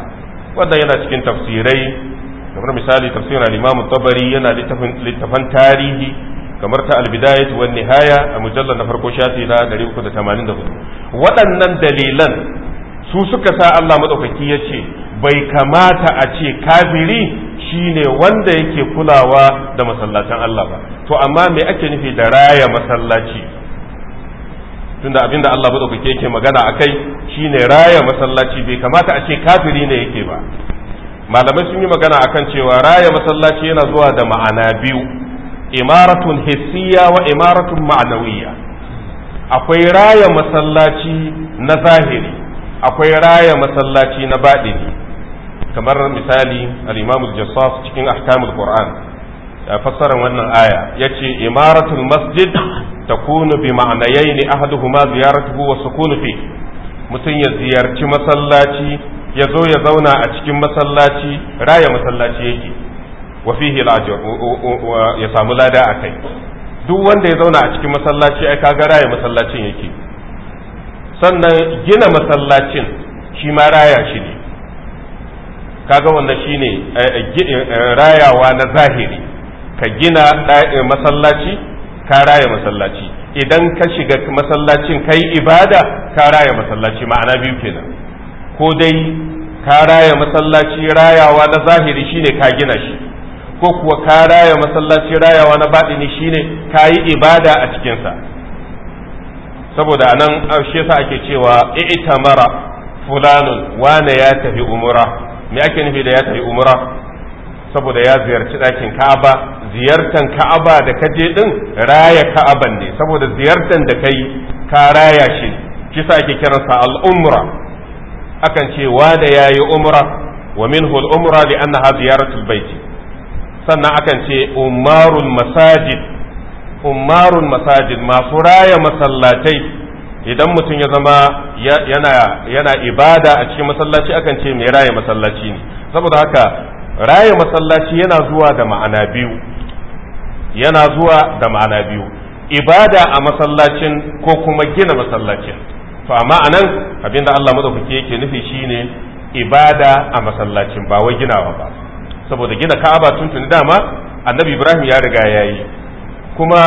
B: wannan yana cikin tafsirai kamar misali tafsirin al-Imam Tabari yana littafan tarihi kamar ta al-Bidayah wa Nihaya a mujallar na farko shafi na 384 waɗannan dalilan su suka sa Allah madaukaki ya ce bai kamata a ce kafiri shine wanda yake kulawa da masallacin Allah ba to amma me ake nufi da raya masallaci tunda abinda Allah madaukake yake magana akai shine raya masallaci bai kamata a ce kafiri ne yake ba malamai sun yi magana akan cewa raya masallaci yana zuwa da ma'ana biyu imaratun hissiya wa imaratun ma'anawiyya akwai raya masallaci na zahiri akwai raya masallaci na baɗini kamar misali al-imamu jassas cikin ahkamul qur'an fassarar wannan aya yace imaratul masjid takunu bi ma'anayaini ahaduhuma ziyaratuhu wa sukunu fi mutum ya ziyarci masallaci ya zo ya zauna a cikin masallaci raya masallaci yake wa fihi ya samu lada a kai duk wanda ya zauna a cikin masallaci ai kaga raya masallacin yake sannan gina masallacin shi ma raya shi ne kaga wannan ne eh, eh, eh, rayawa na zahiri ka gina masallaci ka raya masallaci idan ka shiga masallacin kai ibada ka raya masallaci ma'ana biyu kenan ko dai ka raya masallaci rayawa na zahiri shine ka gina shi ko kuwa ka raya masallaci rayawa na baɗini shine ka yi ibada a cikinsa saboda anan shi yasa ake cewa i'tamara fulanun wane ya tafi umura me ake nufi da ya tafi umura saboda ya ziyarci ɗakin ka'aba Ziyartar ka'aba da ka je din raya ka'aban ne saboda ziyartar da kai ka raya shi sa ake kiransa al'umra akan ce da yayi umra wa minhu al'umra li annaha ziyaratul baiti sannan akan ce umarul masajid umarul masajid masu raya masallatai idan mutum ya zama yana ibada a cikin masallaci akan ce mai raya masallaci ne saboda haka raya masallaci yana zuwa da ma'ana biyu yana zuwa da ma'ana biyu ibada a masallacin ko kuma gina masallacin to amma anan abinda Allah madaukake yake nufi shine ibada a masallacin ba wai ginawa ba saboda gina ka'aba tun tuni dama annabi Ibrahim ya riga ya yi. kuma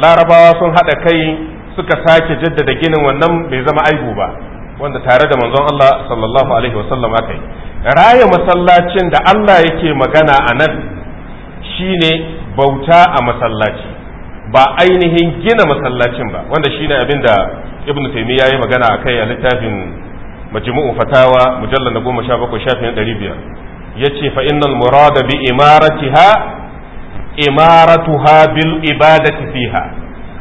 B: larabawa sun haɗa kai suka sake jaddada ginin wannan bai zama aibu ba wanda tare da manzon Allah sallallahu alaihi wasallam aka yi raya masallacin da Allah yake magana anan nan shine bauta a masallaci ba ainihin gina masallacin ba wanda shine abin da ibn ya yi magana kai a littafin majmu'u fatawa mujallar na goma sha bakwai shafin ɗari biyar ya ce fa innal murada bi imaratiha ha bil ibadati fiha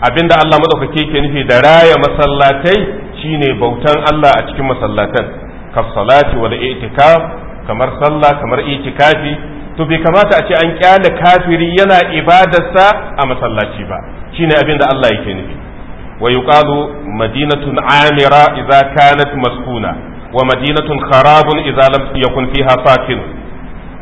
B: abinda Allah madaukake ke nufi da raya masallatai shine bautan Allah a cikin masallatan ka salati wal i'tikaf kamar sallah kamar itikafi to bai kamata a ce an kyale kafiri yana ibadarsa a masallaci ba shine abin da Allah yake nufi wa yuqalu madinatun amira idza kanat maskuna wa madinatun kharabun idza lam yakun fiha sakin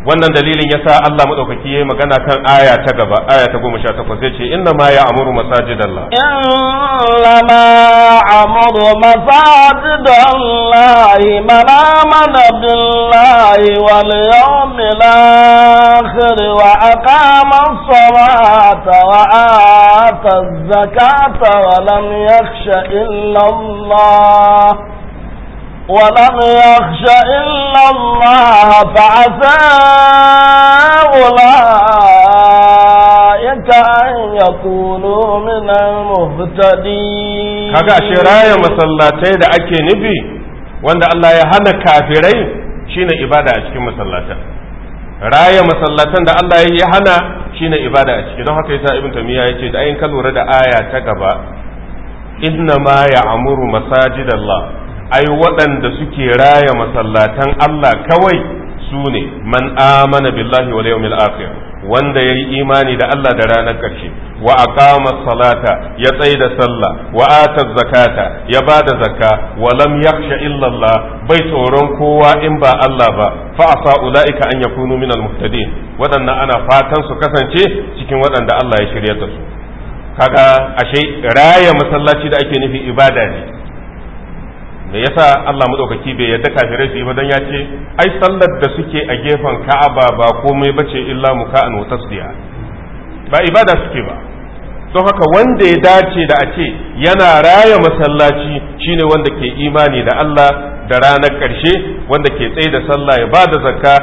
B: wannan dalilin yasa Allah madaukaki yayi magana kan aya ta gaba aya ta 18 yace inna ma ya'muru masajidallah
A: inna ma amuru masajidallahi man amana billahi wal yawmil akhir wa aqama as-salata wa ata az-zakata wa lam yakhsha illa Allah ولم يخش إلا الله فعسى أولئك أن يكونوا من المهتدين
B: هذا ashe raya masallatai da ake nufi wanda Allah ya hana kafirai shine ibada a cikin masallatan raya masallatan da Allah ya hana shine ibada a ciki don haka yasa ibn tamiya yace da ayin ka lura da aya ta gaba inna ma ya'muru masajidallah ai waɗanda suke raya masallatan Allah kawai su ne man amana billahi wal yawmil akhir wanda ya yi imani da Allah da ranar ƙarshe wa aqama salata ya tsaye da sallah wa ata zakata ya ba da zakka wa lam yakhsha illa Allah bai tsoron kowa in ba Allah ba fa asa ulaika an yakunu minal muhtadin waɗannan ana fatan su kasance cikin waɗanda Allah ya shirya da su kaga ashe raya masallaci da ake nufi ibada ne me yasa Allah madaukaki bai yadda kafirai su yi ba dan ya ce ai sallar da suke a gefen Ka'aba ba komai bace illa muka'an wa tasdiya ba ibada suke ba don haka wanda ya dace da a ce yana raya masallaci shine wanda ke imani da Allah da ranar ƙarshe wanda ke tsaye da sallah ya bada zakka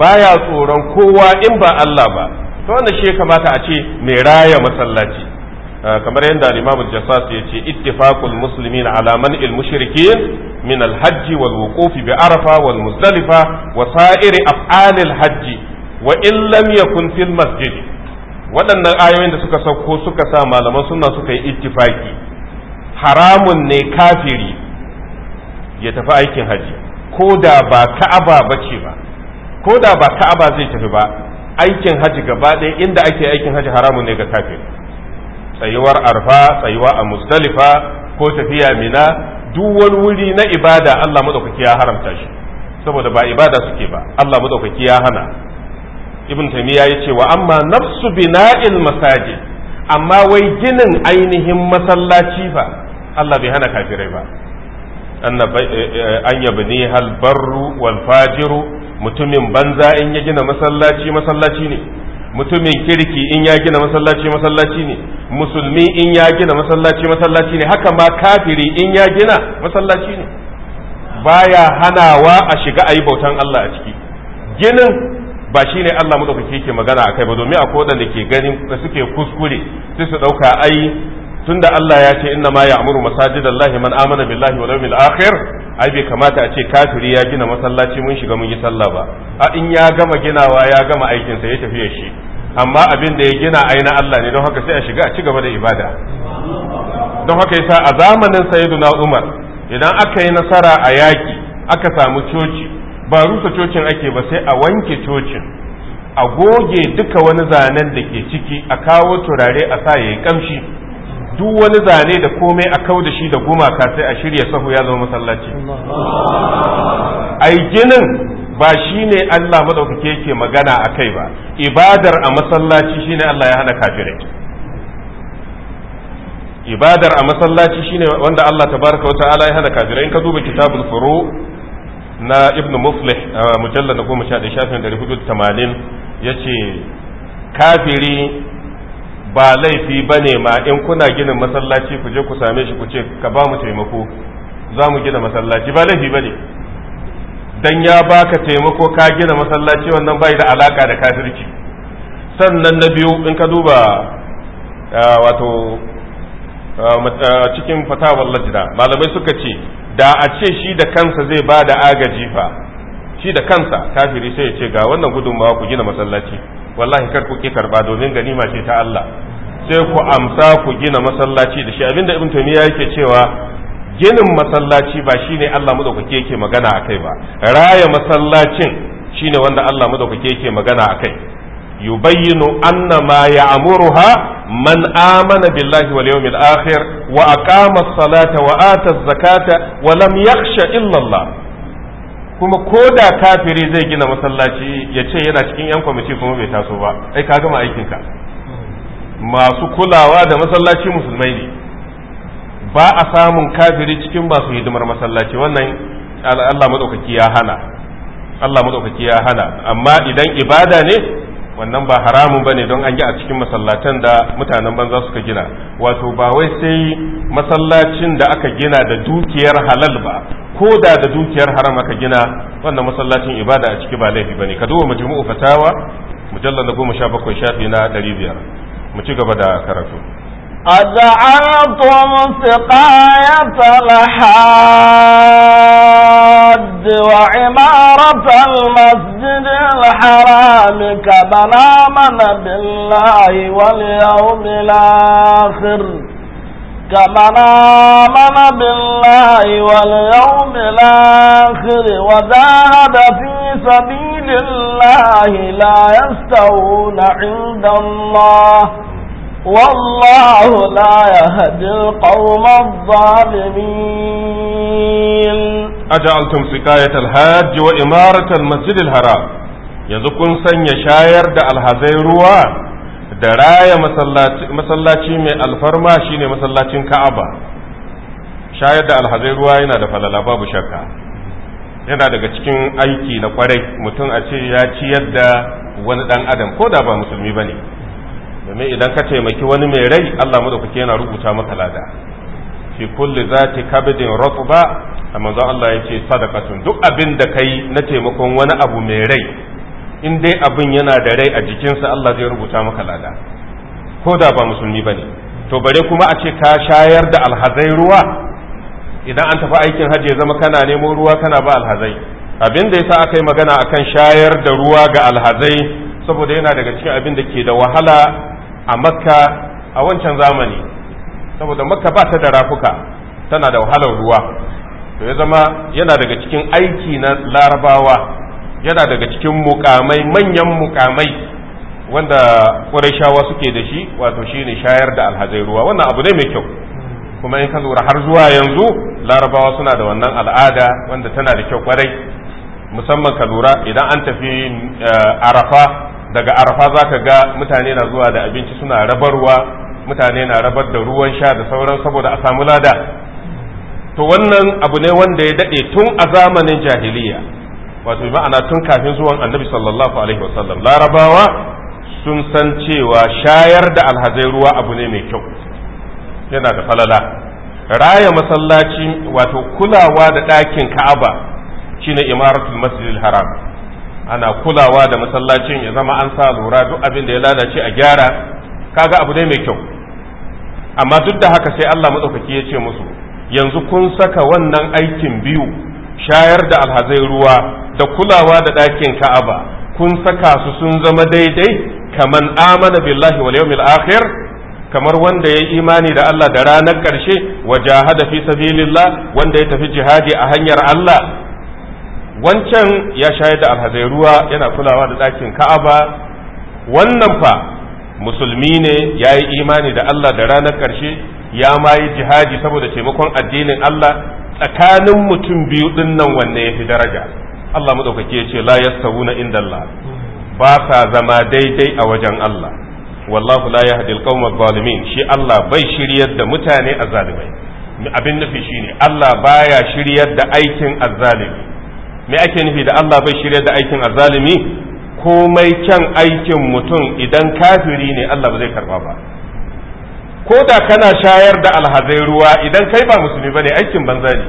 B: baya tsoron kowa in ba Allah ba to wanda shi kamata a ce mai raya masallaci kamar yadda al-Imam al-Jassas yace ittifaqul muslimin ala man al-mushrikin min al-hajj wal bi Arafa wal Muzdalifa wa sa'ir af'al al wa in lam yakun fil waɗannan ayoyin da suka sauko suka sa malaman sunna suka yi ittifaki haramun ne kafiri ya tafi aikin haji ko da ba ka'aba bace ba ko da ba ka'aba zai tafi ba aikin haji gaba ɗaya inda ake aikin haji haramun ne ga kafiri tsayuwar arfa tsayuwa a mustalifa ko tafiya mina duk wani wuri na ibada Allah madaukaki ya haramta shi saboda ba ibada suke ba Allah madaukaki ya hana ibn taymiya yace wa amma nafsu bina'il masajid amma wai ginin ainihin masallaci fa Allah bai hana kafirai ba eh, eh, an bani hal barru wal fajiru mutumin banza in ya gina masallaci masallaci ne mutumin kirki in ya gina masallaci masallaci ne musulmi in ya gina masallaci masallaci ne haka ma kafiri in ya gina masallaci ne baya hanawa a shiga ayi bautan Allah a ciki ginin ba shi ne Allah madaukaki ke magana akai ba domin akwai wanda ke ganin da suke kuskure sai su dauka ai tunda Allah ya ce inna ma ya'muru masajidallahi man amana billahi wal yawmil akhir ai bai kamata a ce kafiri ya gina masallaci mun shiga mun yi sallah ba a in ya gama ginawa ya gama aikinsa ya tafi ya shi amma abin da ya gina ai na Allah ne don haka sai a shiga a ci gaba da ibada don haka yasa a zamanin sayyiduna Umar idan aka yi nasara a yaki aka samu coci ba rusa cocin ake ba sai a wanke cocin a goge duka wani zanen da ke ciki a kawo turare a sa yayi kamshi duk wani zane da komai a kau da shi da gumaka sai a shirya sahu ya zama masallaci aikinin ba shi ne Allah madaukake yake magana a kai ba ibadar a masallaci shi ne Allah ya hana kafirai ibadar a masallaci shi ne wanda Allah Ta baraka wata ala ya hana kafirai in ka duba kitabul furu na ibn muflih mujallar na goma sha ɗaya shafin ɗari hudu tamanin ya ce kafiri ba laifi ba ne ma in kuna ginin masallaci ku je ku same shi ku ce ka ba mu taimako za mu gina masallaci ba laifi ba ne don ya baka taimako ka gina masallaci wannan bai da alaka da kafirci sannan na biyu in ka duba wato cikin fatawar lajina malamai suka ce da a ce shi da kansa zai ba da agaji fa shi da kansa kafiri sai ya ce ga wannan gudunmawa ku gina masallaci wallahi kar ku ki karba domin ganima ce ta Allah sai ku amsa ku gina masallaci da shi abinda ibn taymiya yake cewa ginin masallaci ba shine Allah madaukake yake magana akai ba raya masallacin shine wanda Allah madaukake yake magana akai yubayyinu anna ma ya'muruha man amana billahi wal yawmil akhir wa aqama as-salata wa ata az-zakata wa lam yakhsha illa Allah kuma ko da kafiri zai gina masallaci ya ce yana cikin yan kwamiti kuma bai taso ba ai ka gama aikinka masu kulawa da masallaci musulmai ne ba a samun kafiri cikin masu hidimar masallaci wannan Allah madaukaki ya hana Allah madaukaki ya hana amma idan ibada ne wannan ba haramun bane don an yi a cikin masallatan da mutanen banza suka gina wato ba wai sai masallacin da aka gina da dukiyar halal ba ko da da dukiyar haram aka gina wannan masallacin ibada a ciki ba laifi bane ka duba majmu'u fatawa mujallal na goma sha bakwai shafi na ɗari biyar mu ci gaba da karatu
A: أجعلتم سقاية الحاج وعمارة المسجد الحرام كمن billahi بالله واليوم الآخر كمن آمن بالله واليوم الآخر وجاهد في سبيل الله لا يستوون عند الله والله لا يهدي القوم الظالمين
B: أجعلتم سقاية الحاج وإمارة المسجد الحرام يزكون سن يشاير دا الهزيروا da raya masallaci mai alfarma shine masallacin ka'aba shayar da alhazai ruwa yana da falala babu shakka yana daga cikin aiki na kwarai mutum a ce ya ci da wani dan adam ko da ba musulmi ba ne domin idan ka taimaki wani mai rai allah madaukake yana rubuta maka lada fi kulli zati kabidin ba a manzon allah ya ce sadakatun duk abin da kai na taimakon wani abu mai rai in dai abin yana da rai a jikinsa Allah zai rubuta maka lada ko da ba musulmi ba ne to bare kuma a ce ka shayar da alhazai ruwa idan an tafi aikin hajji ya zama kana nemo ruwa kana ba alhazai abin da yasa aka yi magana akan shayar da ruwa ga alhazai saboda yana daga cikin abin da ke da wahala a makka a wancan zamani saboda makka ba ta da rafuka tana da wahalar ruwa to ya zama yana daga cikin aiki na larabawa yana daga cikin mukamai manyan mukamai wanda ƙurashawa suke da shi wato shi ne shayar da alhazai ruwa wannan abu ne mai kyau kuma in ka lura har zuwa yanzu larabawa suna da wannan al'ada wanda tana da kyau kwarai musamman ka lura idan an tafi eh, arafa daga arafa za ka ga mutane na zuwa da abinci suna rabarwa mutane na rabar da ruwan sha da sauran saboda a samu lada to wannan abu ne wanda ya daɗe tun a zamanin jahiliya wato ma'ana tun kafin zuwan annabi sallallahu alaihi wasallam larabawa sun san cewa shayar da alhazai ruwa abu ne mai kyau yana da falala raya masallaci wato kulawa da ɗakin ka'aba shine imaratul masjidil haram ana kulawa da masallacin ya zama an sa lura duk abin da ya lalace a gyara kaga abu ne mai kyau amma duk da haka sai Allah madaukaki ya ce musu yanzu kun saka wannan aikin biyu shayar da alhazai ruwa da kulawa da ɗakin ka'aba kun saka su sun zama daidai kamar amana billahi wal yawmil akhir kamar wanda ya imani da Allah da ranar ƙarshe wa jahada fi sabilillah wanda ya tafi jihadi a hanyar Allah wancan ya shayar da alhazai ruwa yana kulawa da ɗakin ka'aba wannan fa musulmi ne ya yi imani da Allah da ranar ƙarshe ya ma yi jihadi saboda taimakon addinin Allah tsakanin mutum biyu din nan wanne ya fi daraja Allah madaukake ya ce la yastawuna inda Allah ba sa zama daidai a wajen Allah wallahu la yahdi alqawma zalimin shi Allah bai shiryar da mutane azzalimai abin nufi shine Allah baya shiryar da aikin azzalimi me ake nufi da Allah bai shiryar da aikin azzalimi komai kyan aikin mutum idan kafiri ne Allah ba zai karba ba ko da kana shayar da alhazai ruwa idan kai ba musulmi bane aikin banza ne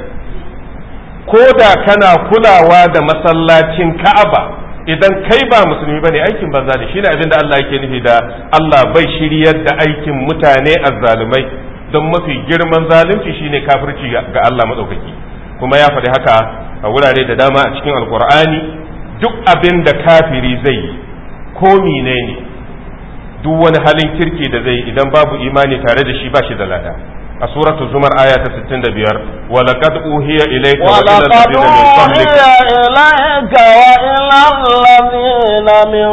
B: ko da kana kulawa da masallacin ka'aba idan kai ba musulmi bane aikin banza ne shine abin da Allah yake nufi da Allah bai shiryar da aikin mutane azzalumai don mafi girman zalunci shine kafirci ga Allah madaukaki kuma ya faɗi haka a wurare da dama a cikin alkur'ani duk abin da kafiri zai yi ko menene ne duk wani halin kirki da zai idan babu imani tare da shi ba shi da lada a suratul zumar aya ta 65 walaqad uhiya ilayka wa ila alladhina
A: min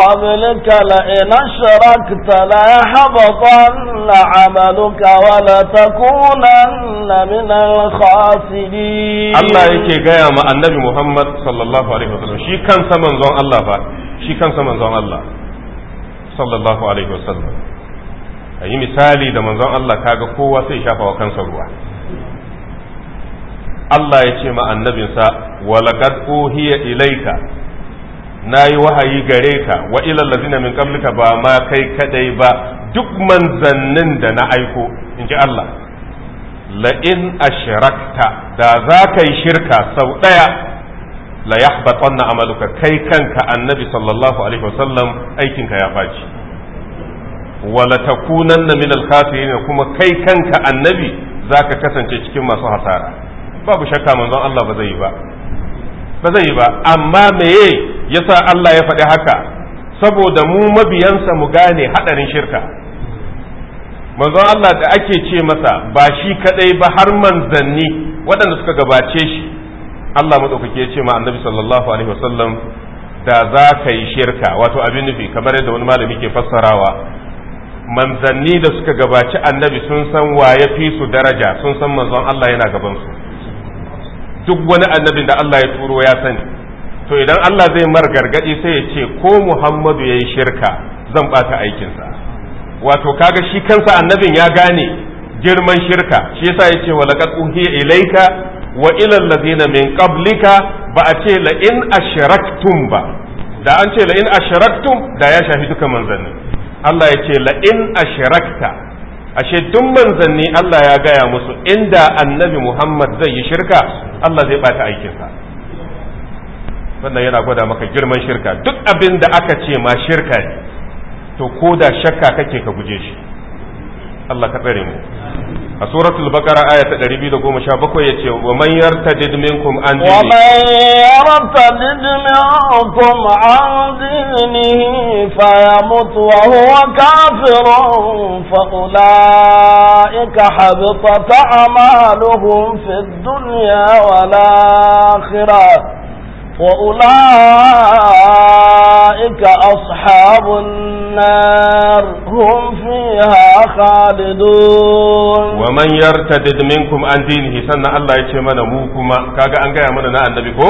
A: qablika la in ashrakta la yahbatanna 'amaluka wa la takunanna min al-khasirin Allah yake gaya
B: ma annabi Muhammad sallallahu alaihi wasallam shi kansa manzon Allah ba shi kansa manzon Allah sallallahu alaihi wasallam a yi misali da manzon Allah kaga kowa sai shafa wa kansa ruwa Allah ya ce ma annabinsa walaqad uhiya ilaika nayi wahayi gare ka wa ilal ladina min qablika ba ma kai kadai ba duk manzannin da na aiko in ji Allah la in ashrakta da za ka yi shirka sau daya la yahbatanna amaluka kai kanka annabi sallallahu alaihi wasallam aikinka ya baci wala takunanna min al kuma kai kanka annabi zaka kasance cikin masu hasara babu shakka manzon Allah ba zai yi ba ba zai yi ba amma meye yasa Allah ya faɗi haka saboda mu mabiyansa mu gane haɗarin shirka manzon Allah da ake ce masa ba shi kadai ba har manzanni waɗanda suka gabace shi Allah madaukake ya ce ma annabi sallallahu alaihi wasallam da za ka yi shirka wato abin nufi kamar yadda wani malami ke fassarawa manzanni da suka gabaci annabi sun san ya fi su daraja sun san manzon Allah yana gaban su duk wani annabin da Allah ya turo ya sani to idan Allah zai mar gargadi sai ya ce ko Muhammadu yayi shirka zan bata aikinsa wato kaga shi kansa annabin ya gane girman shirka shi yasa ya ce walaqad uhiya ilayka wa ilal ladina min qablika ba a ce la in ashraktum ba da an ce la in ashraktum da ya shafi duka manzanni Allah ya ce la in ashrakta ashe duk manzanni Allah ya gaya musu inda annabi Muhammad zai yi shirka Allah zai bata aikinsa wannan yana gwada maka girman shirka duk abin da aka ce ma shirka ne to ko da shakka kake ka guje shi Allah ka tsare mu a suratul bakara aya ta 217 yace wa man yartadid minkum an dinihi wa man
A: yartadid minkum an dinihi fa yamut wa huwa kafirun fa ulaika habitat a'maluhum fid dunya wal akhirah وأولئك أصحاب النار هم فيها خالدون
B: ومن يرتد منكم عن دينه سنة الله يتمنى موكما كاقا أنقى يمنى النبي كو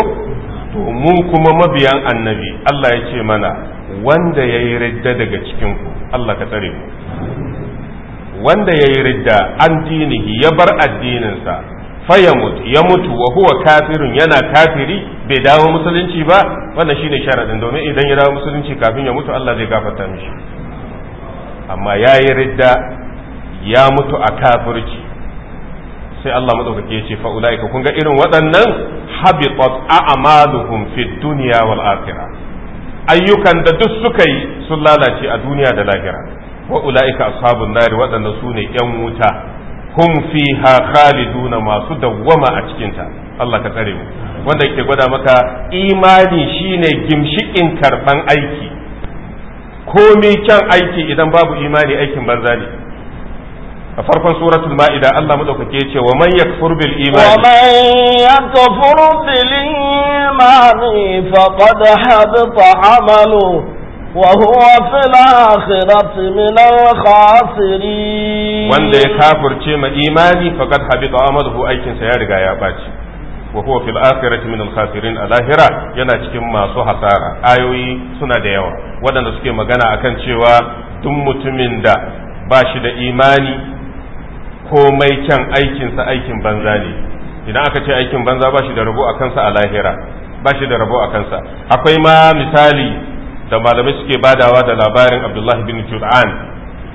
B: موكما مبيان النبي الله يتمنى wanda ya yi ridda daga cikinku Allah ka tsare mu wanda ya yi ridda fayyamut ya mutu wa huwa kafirun yana kafiri bai dawo musulunci ba wannan shine sharadin domin idan ya dawo musulunci kafin ya mutu Allah zai gafarta mishi amma ya yi ridda ya mutu a kafirci sai Allah madaukake ya ce fa ulaika kun ga irin waɗannan habitat a'maluhum fid dunya wal akhirah ayyukan da duk suka yi sun lalace a duniya da lahira wa ulaika ashabun nar waɗanda sune ne yan wuta hum fiha khaliduna masu dawwama a cikinta Allah ka tsare mu wanda ke gwada maka imani shine gimshikin karban aiki komai kyan aiki idan babu imani aikin banza ne a farkon suratul ma'ida Allah madaukake ya ce wa man yakfur bil imani wa
A: man yakfur bil imani faqad amalu. وهو في الآخرة من الخاسرين wanda ya kafirce
B: ma imani faqad habita amaluhu aikin sa ya riga ya baci wa huwa fil akhirati min al khasirin al yana cikin masu hasara ayoyi suna da yawa waɗanda suke magana akan cewa duk mutumin da ba shi da imani komai can aikinsa aikin banza ne idan aka ce aikin banza ba shi da rabo a kansa a lahira ba shi da rabo a kansa akwai ma misali da malamai suke badawa da labarin abdullahi bin jud'an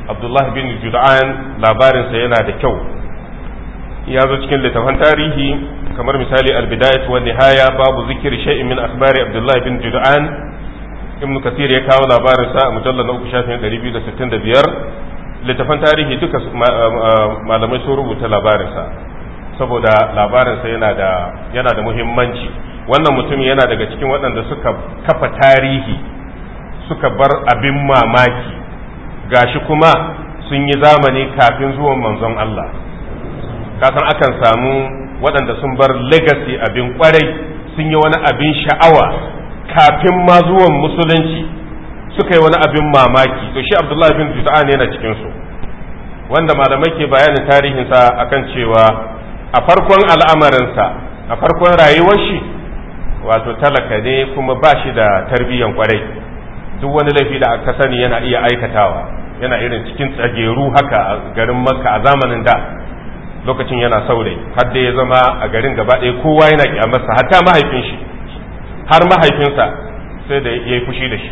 B: abdullahi bin jud'an labarinsa yana da kyau ya zo cikin littafan tarihi kamar misali albidayat wa nihaya babu zikir shay'in min akhbari abdullahi bin jud'an ibn kathir ya kawo labarinsa a mujallar na uku shafin 265 littafan tarihi duka malamai sun rubuta labarinsa saboda labarinsa yana da yana da muhimmanci wannan mutum yana daga cikin waɗanda suka kafa tarihi suka bar abin mamaki gashi kuma sun yi zamani kafin zuwan manzon Allah kasan akan samu waɗanda sun bar legacy abin kwarai sun yi wani abin sha'awa kafin ma zuwan musulunci suka yi wani abin mamaki to shi abdullahi bin ne yana su wanda malamai ke bayanin tarihinsa akan cewa a farkon al'amarinsa a farkon rayuwar shi wato talaka ne kuma ba shi da tarbiyyan kwarai duk wani laifi da aka sani yana iya aikatawa yana irin cikin tsageru haka a garin makka a zamanin da lokacin yana saurayi har da ya zama a garin gaba ɗaya kowa yana kyamarsa hatta mahaifin shi har mahaifinsa sai da ya yi fushi da shi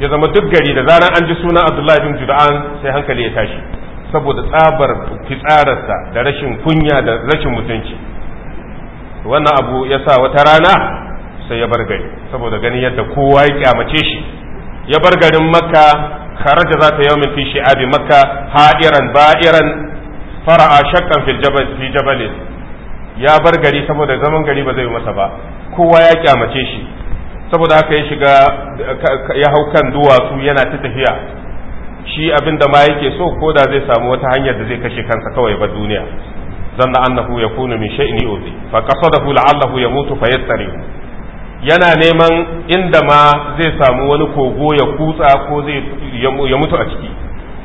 B: ya zama duk gari da zaran an ji suna abdullahi bin juda'an sai hankali ya tashi saboda tsabar fitsararsa da rashin kunya da rashin mutunci wannan abu ya sa wata rana sai ya bar gari saboda ganin yadda kowa ya kyamace shi ya bar garin makka kharaja za ta yawmin fi shi'abi makka ha'iran ba'iran fara'a shakkan fil fi ya bar gari saboda zaman gari ba zai masa ba kowa ya kyamace shi saboda haka ya shiga ya hau kan duwatsu yana ta tafiya shi abinda da ma yake so ko da zai samu wata hanyar da zai kashe kansa kawai ba duniya zanna annahu yakunu min shay'in yuzi fa qasadahu la'allahu yamutu fayattarihu yana neman inda ma zai samu wani kogo ya kutsa ko zai ya mutu a ciki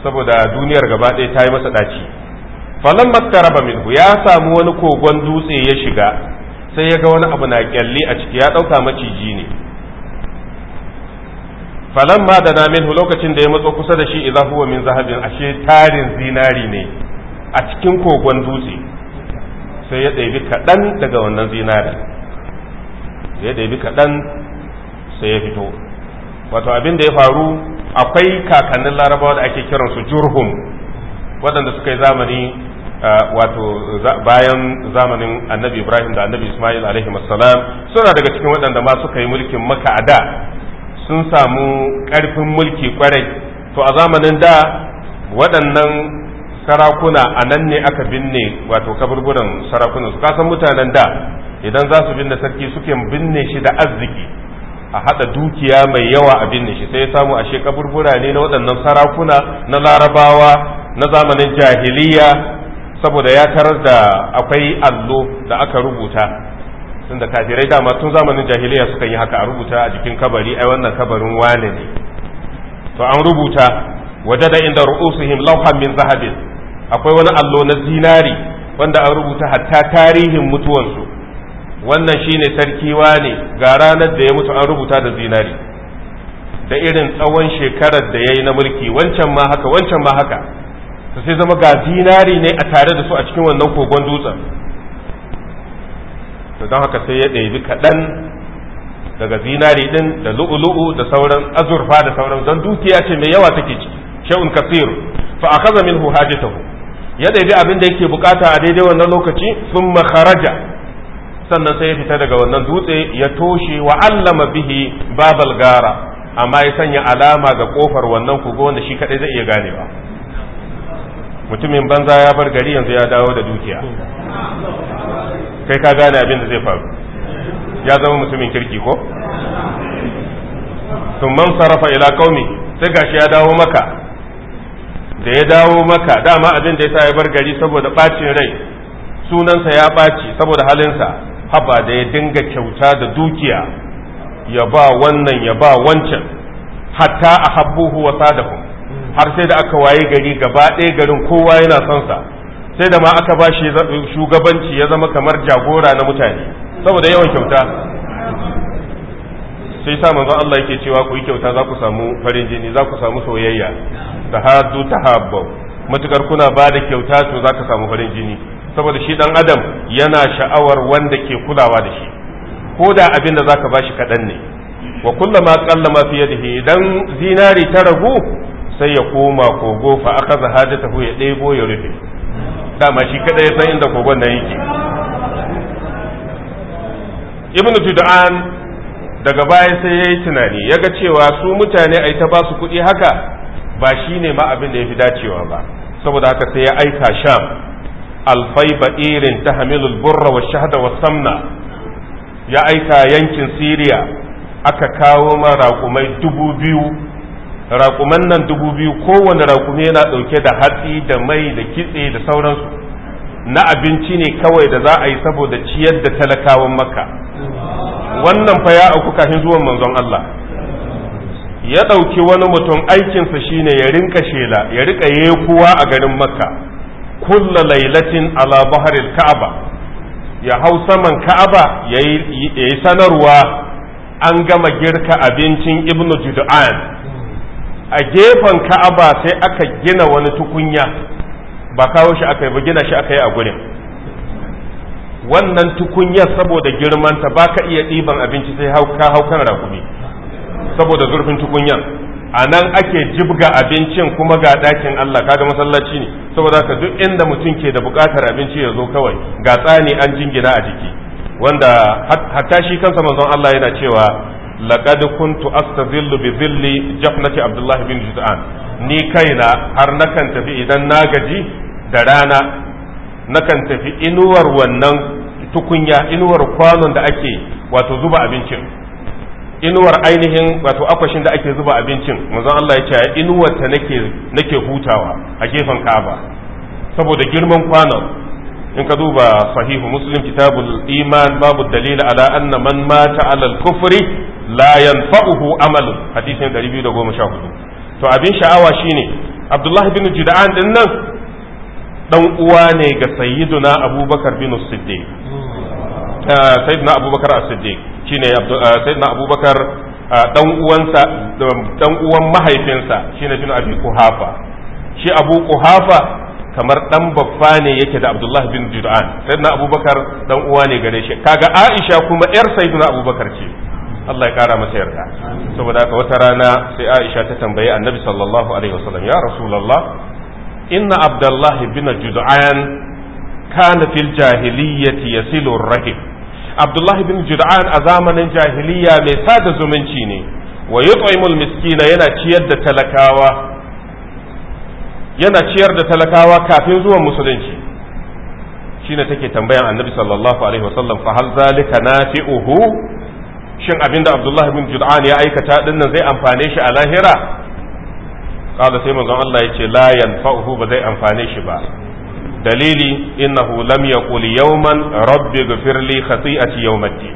B: saboda duniyar gaba ɗaya ta yi masa ɗaci falon maskaraba minhu ya samu wani kogon dutse ya shiga sai ya ga wani abu na kyalle a ciki ya ɗauka maciji ne falon ma da namin lokacin da ya matso kusa da shi idan huwa min zahabin ashe tarin zinari ne a cikin kogon dutse sai ya ɗabi kaɗan daga wannan zinari ya bi kaɗan sai ya fito wato abin da ya faru akwai kakannin larabawa da ake su jurhum waɗanda suka yi zamani wato bayan zamanin annabi ibrahim da annabi ismail alaihi suna daga cikin waɗanda ma suka yi mulkin maka a da sun samu karfin mulki kwarai to a zamanin da waɗannan sarakuna a nan ne aka binne wato kaburburan sarakunan su kasan mutanen da idan za su binne sarki suke binne shi da arziki a hada dukiya mai yawa a binne shi sai ya samu ashe kaburbura ne na waɗannan sarakuna na larabawa na zamanin jahiliya saboda ya tarar da akwai allo da aka rubuta da kafirai dama tun zamanin jahiliya suka yi haka a rubuta a jikin kabari ai wannan kabarin wane ne to an rubuta da inda ru'usuhim lawhan min zahabin akwai wani allo na zinari wanda an rubuta hatta tarihin mutuwansu wannan shine sarkiwa ne ga ranar da ya mutu an rubuta da zinari da irin tsawon shekarar da ya yi na mulki wancan ma haka wancan ma haka su sai zama ga zinari ne a tare da su a cikin wannan kogon dutsen to don haka sai ya ɗebi kaɗan daga zinari ɗin da lu'ulu'u da sauran azurfa da sauran don dukiya ce mai yawa take ciki sha'un kasiru fa akaza minhu hajatahu ya ɗebi abin da yake bukata a daidai wannan lokaci sun makaraja sannan sai ya fita daga wannan dutse ya toshe wa allama bihi babal gara amma ya sanya alama ga kofar wannan kogo wanda shi kadai zai iya ganewa mutumin banza ya bar gari yanzu ya dawo da dukiya kai ka gane abin da zai faru ya zama mutumin kirki ko tumman sarrafa ila kaumi sai gashi ya dawo maka da ya dawo maka dama abin da ya sa ya bar gari saboda bacin rai sunansa ya ɓaci saboda halinsa haba da ya dinga kyauta da dukiya ya ba wannan ya ba wancan hatta a habbuhu wa sadahu har sai da aka waye gari gaba ɗaya garin kowa yana son sa sai da ma aka ba shi shugabanci ya zama kamar jagora na mutane saboda yawan kyauta sai sa manzo Allah yake cewa ku yi kyauta za ku samu farin jini za ku samu soyayya tahaddu tahabbu matukar kuna ba da kyauta to za ka samu farin jini saboda shi dan adam yana sha'awar wanda ke kulawa da shi ko da abin da zaka bashi kaɗan ne wa kullama qalla ma fi yadihi idan zinari ta ragu sai ya koma kogo fa akaza hajatahu ya ɗebo ya rufe dama shi kada ya san inda kogon nan yake ibn tud'an daga baya sai yayi tunani yaga cewa su mutane ai ta ba su kuɗi haka ba shine ma abin da ya fi dacewa ba saboda haka sai ya aika sham alfai ba'irin ta hamilul burra wa shahada wa samna ya aika yankin siriya aka kawo ma raƙumai dubu biyu raƙuman nan dubu biyu kowane raƙumi yana ɗauke da hatsi da mai da kitse da sauransu na abinci ne kawai da za a yi saboda ciyar da talakawan makka wannan fa ya auku kafin zuwan manzon Allah ya ɗauki wani mutum aikinsa shine ya rinka shela ya rika yekuwa a garin makka kulla lailatin ala baharil ka'aba ya hau saman ka'aba ya yi sanarwa an gama girka abincin ibnu jud'an a gefen ka'aba sai aka gina wani tukunya ba kawo shi aka yi ba gina shi aka yi a gurin wannan tukunyar saboda girmanta ba ka iya ɗiban abinci sai ka hau kan rakumi saboda zurfin tukunyar a nan ake jibga abincin kuma ga ɗakin Allah kaga masallaci ne saboda haka duk inda mutum ke da buƙatar abinci ya zo kawai ga tsani an jingina a jiki wanda hatta shi kansa manzon Allah yana cewa laqad kuntu astazillu bi zilli jafnati Abdullah bin Juz'an ni kaina har nakan tafi idan na gaji da rana nakan tafi inuwar wannan tukunya inuwar kwanon da ake wato zuba abincin inuwar ainihin wato akwashin da ake zuba abincin manzon Allah ya ce inuwar ta nake nake hutawa a gefen Ka'aba saboda girman kwano in ka duba sahihu muslim kitabul iman babu dalil ala anna man mata ala al-kufri la yanfa'uhu amalu hadisin 214 to abin sha'awa shine Abdullahi bin Juda'an din nan dan uwa ne ga sayyiduna Abubakar bin Siddiq eh, sayyiduna Abubakar as-Siddiq shine eh, sayyidina abubakar eh, dan uwansa dan uwan mahaifinsa shine bin abi kuhafa shi abu kuhafa kamar dan babba ne yake da abdullah bin jud'an sayyidina abubakar dan uwa ne gare shi kaga aisha kuma yar sayyidina abubakar ce Allah ya kara masa yarda saboda haka wata rana sai aisha ta tambayi annabi sallallahu alaihi wasallam ya rasulullah inna abdullah bin jud'an kana fil jahiliyyati yasilu rahim abdullahi bin jud'an a zamanin jahiliya mai sada zumunci ne wa yut'imul miskina yana ciyar da talakawa yana ciyar da talakawa kafin zuwan musulunci shine take tambayan annabi sallallahu alaihi wasallam fa hal zalika nafi'uhu shin abinda abdullahi bin jud'an ya aikata dinnan zai amfane shi a lahira qala sai manzon Allah yace la yanfa'uhu ba zai amfane shi ba dalili innahu lam yaqul yawman rabbi ighfir li yau yawmiddin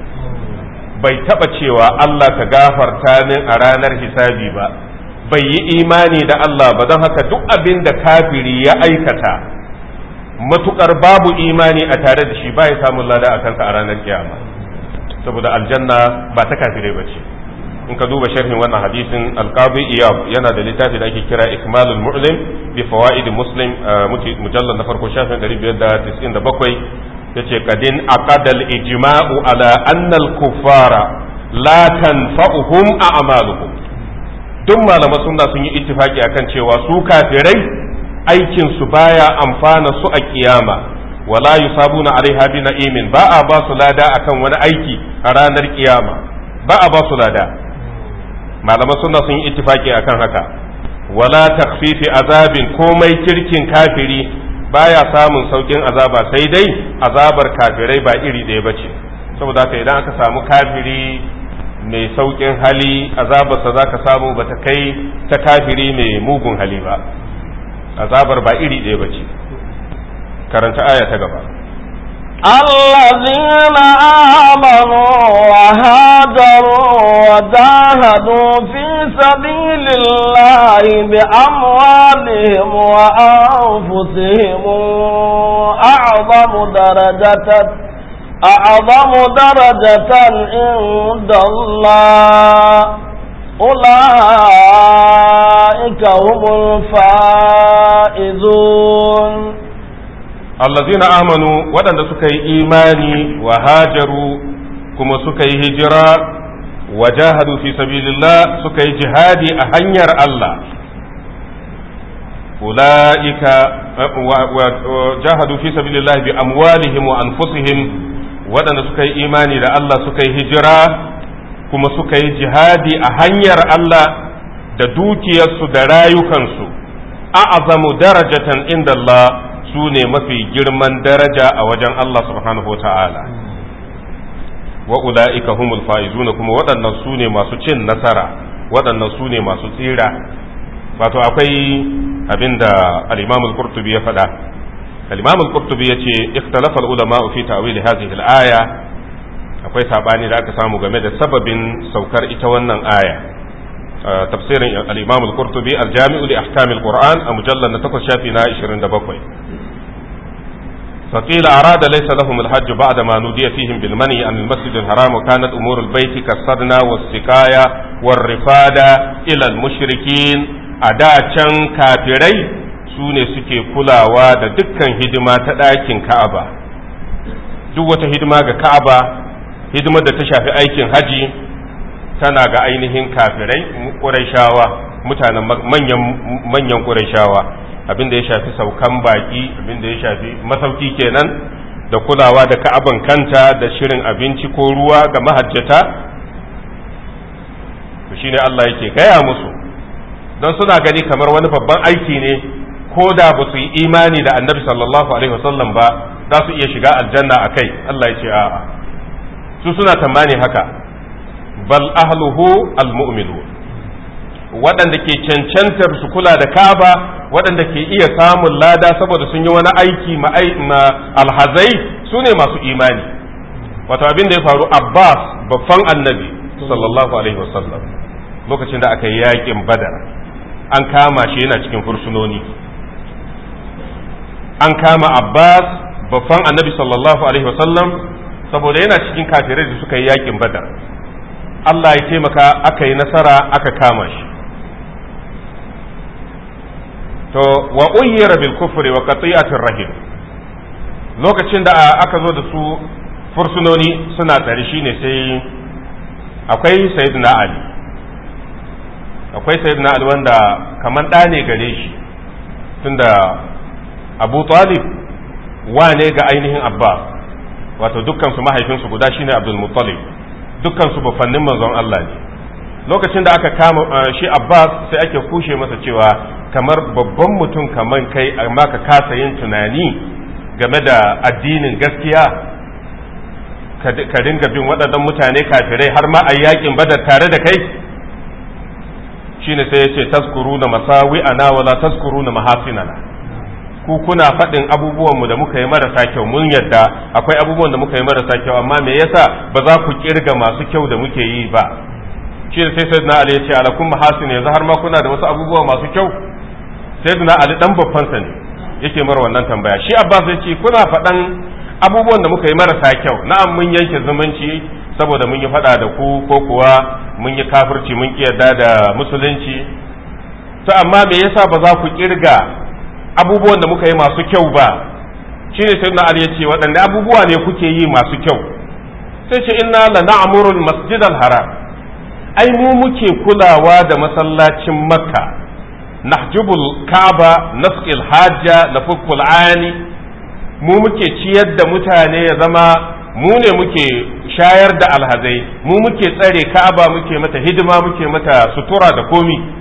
B: bai taɓa cewa Allah ka gafarta min a ranar hisabi ba bai yi imani da Allah ba don haka duk abin da kafiri ya aikata matukar babu imani a tare da shi ba ya samun lada a kansa a ranar kiyama saboda aljanna ba ta kafirai ba ce in ka duba sharhin wannan hadisin alqabi iyab yana da littafi da ake kira ikmalul mu'lim bi fawaid muslim mujallal na farko shafin 597 yace kadin aqadal ijma'u ala anna al-kuffara la tanfa'uhum a'maluhum duk malamai sunna sun yi ittifaki akan cewa su kafirai aikin su baya amfana su a kiyama wala yusabuna alaiha bi na'imin ba a ba su lada akan wani aiki a ranar kiyama ba a ba su lada malaman suna sun yi ittifaki akan haka wala takfifi azabin komai kirkin kafiri baya samun saukin azaba sai dai azabar kafirai ba iri ɗaya bace saboda haka idan aka samu kafiri mai saukin hali azabarsa za ka samu ba ta kai ta kafiri mai mugun hali ba azabar ba iri ɗaya bace karanta aya ta gaba
A: analazi ihe na aha man'ụwa ha jọrọ ụwada hanu ụlọ ha amụadighịmwa aụbụsighịmaọdamdaraja t ụdọụlọahkaụmfaezo
B: allazina amanu waɗanda suka yi imani wa hajaru kuma suka yi hijira wa jahadu fi sabilillah suka yi jihadi a hanyar Allah ula'ika eh, wa jahadu fi sabilillah bi amwalihim wa anfusihim waɗanda suka yi imani da Allah suka yi hijira kuma suka yi jihadi a hanyar Allah da dukiyarsu da rayukansu a'azamu darajatan inda Allah su ne mafi girman daraja a wajen Allah subhanahu wa ta'ala wa ula'ika humul fa'izuna kuma waɗannan su ne masu cin nasara waɗannan su ne masu tsira wato akwai abinda da al-imam al ya faɗa al-imam ya ce ikhtalafa al-ulama fi ta'wil hadhihi al-aya akwai saɓani da aka samu game da sababin saukar ita wannan aya tafsirin al-Imam al-Qurtubi al-Jami'u li ahkam al-Qur'an a mujallal na 8 shafi na 27 فقيل أراد ليس لهم الحج بعد ما نودي فيهم بالمني عن المسجد الحرام وكانت أمور البيت كالصدنة والسقاية والرفادة إلى المشركين أدا كان كافري سوني سكي كلا وادا دكا هدما تداكن كعبة duk wata hidima ga ka'aba hidimar da ta shafi aikin haji tana ga ainihin kafirai ƙurashawa mutanen manyan ƙurashawa abin da ya shafi saukan baƙi abin da ya shafi masauki kenan da kulawa da ka'aban kanta da shirin abinci ko ruwa ga mahajjata to shine Allah yake gaya musu don suna gani kamar wani babban aiki ne ko da ba su yi imani da annabi sallallahu alaihi wasallam ba za su iya shiga aljanna a kai Allah ya ce a'a su suna tambani haka bal ahluhu almu'minu waɗanda ke cancantar su kula da kaba waɗanda ke iya samun lada saboda sun yi wani aiki ma alhazai su ne masu imani wato abin da ya faru abbas babban annabi sallallahu alaihi wasallam lokacin da aka yi yakin badar an kama shi yana cikin fursunoni an kama abbas babban annabi sallallahu alaihi wasallam saboda yana cikin kafirai da suka yi yakin badar Allah ya taimaka aka yi nasara aka kama shi to wa uyyira bil kufri wa qati'atir rahim lokacin da aka zo da su fursunoni suna tsare shine sai akwai sayyidina ali akwai sayyidina ali wanda kaman ɗa ne gare shi tunda abu talib wane ga ainihin Abba. wato dukkan su mahaifinsu guda shine abdul muttalib dukkan su bafannin manzon Allah ne lokacin da aka kama uh, shi Abbas sai ake kushe masa cewa kamar babban mutum kaman kai amma ka kasa yin tunani game da addinin gaskiya ka dinga bin waɗannan mutane kafirai har ma a yakin badar tare da kai shine sai ya ce taskuru na masawi ana wala taskuru na mahasinana ku kuna faɗin abubuwanmu da muka yi marasa kyau mun yadda akwai abubuwan da muka yi marasa kyau amma me yasa ba za ku kirga masu kyau da muke yi ba shi sai sayyidina ali ya ce alakum mahasin yanzu har ma kuna da wasu abubuwa masu kyau sayyidina ali dan babban sa ne yake mar wannan tambaya shi abbas ya ce kuna faɗan abubuwan da muka yi marasa kyau na'am mun yanke zumunci saboda mun yi faɗa da ku ko kuwa mun yi kafirci mun kiyarda da musulunci to amma me yasa ba za ku kirga abubuwan da muka yi masu kyau ba shi ne sai na ariya ce waɗanne abubuwa ne kuke yi masu kyau sai ce inna la na'murul masjidal haram ai mu muke kulawa da masallacin makka nahjubul kaaba nasqil hajja nafukkul ani mu muke ciyar da mutane ya zama mu ne muke shayar da alhazai mu muke tsare ka'aba muke mata hidima muke mata sutura da komi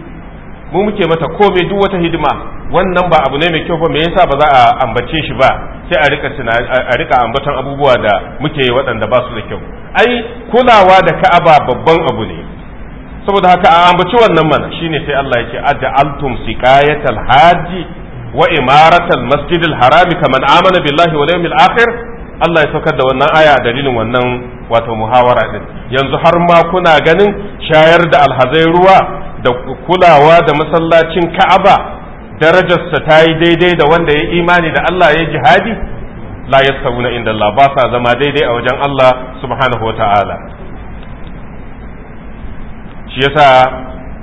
B: mu muke mata komai duk wata hidima wannan ba abu ne mai kyau ba me yasa ba za a ambace shi ba sai a rika a rika abubuwa da muke yi waɗanda ba su da kyau ai kulawa da ka'aba babban abu ne saboda haka a ambaci wannan mana shine sai Allah ya ce aj'altum siqayatal haji wa imaratal masjidil harami kaman amana billahi wal yawmil akhir Allah ya saukar da wannan aya dalilin wannan wato muhawara din yanzu har ma kuna ganin shayar da alhazai ruwa da kulawa da masallacin Ka'aba darajarsa ta yi daidai da wanda ya imani da Allah ya jihadi la yastawuna inda Allah ba sa zama daidai a wajen Allah subhanahu wa ta'ala shi yasa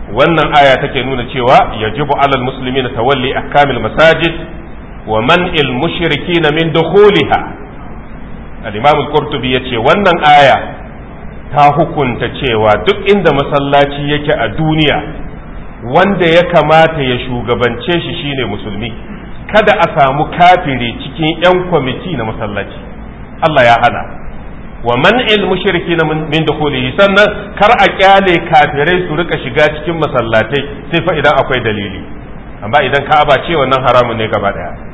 B: wannan aya take nuna cewa yajibu alal muslimina tawalli akamil masajid wa man'il mushrikina min dukhuliha al-imam al-qurtubi yace wannan aya ta hukunta cewa duk inda masallaci yake a duniya wanda ya kamata ya shugabance shi shine musulmi kada a samu kafiri cikin 'yan kwamiti na masallaci Allah ya hana wa man'il shirki na min dukhulihi sannan kar a kyale kafirai su rika shiga cikin masallatai sai fa idan akwai dalili amma idan ka'aba ce wannan haramun ne gaba daya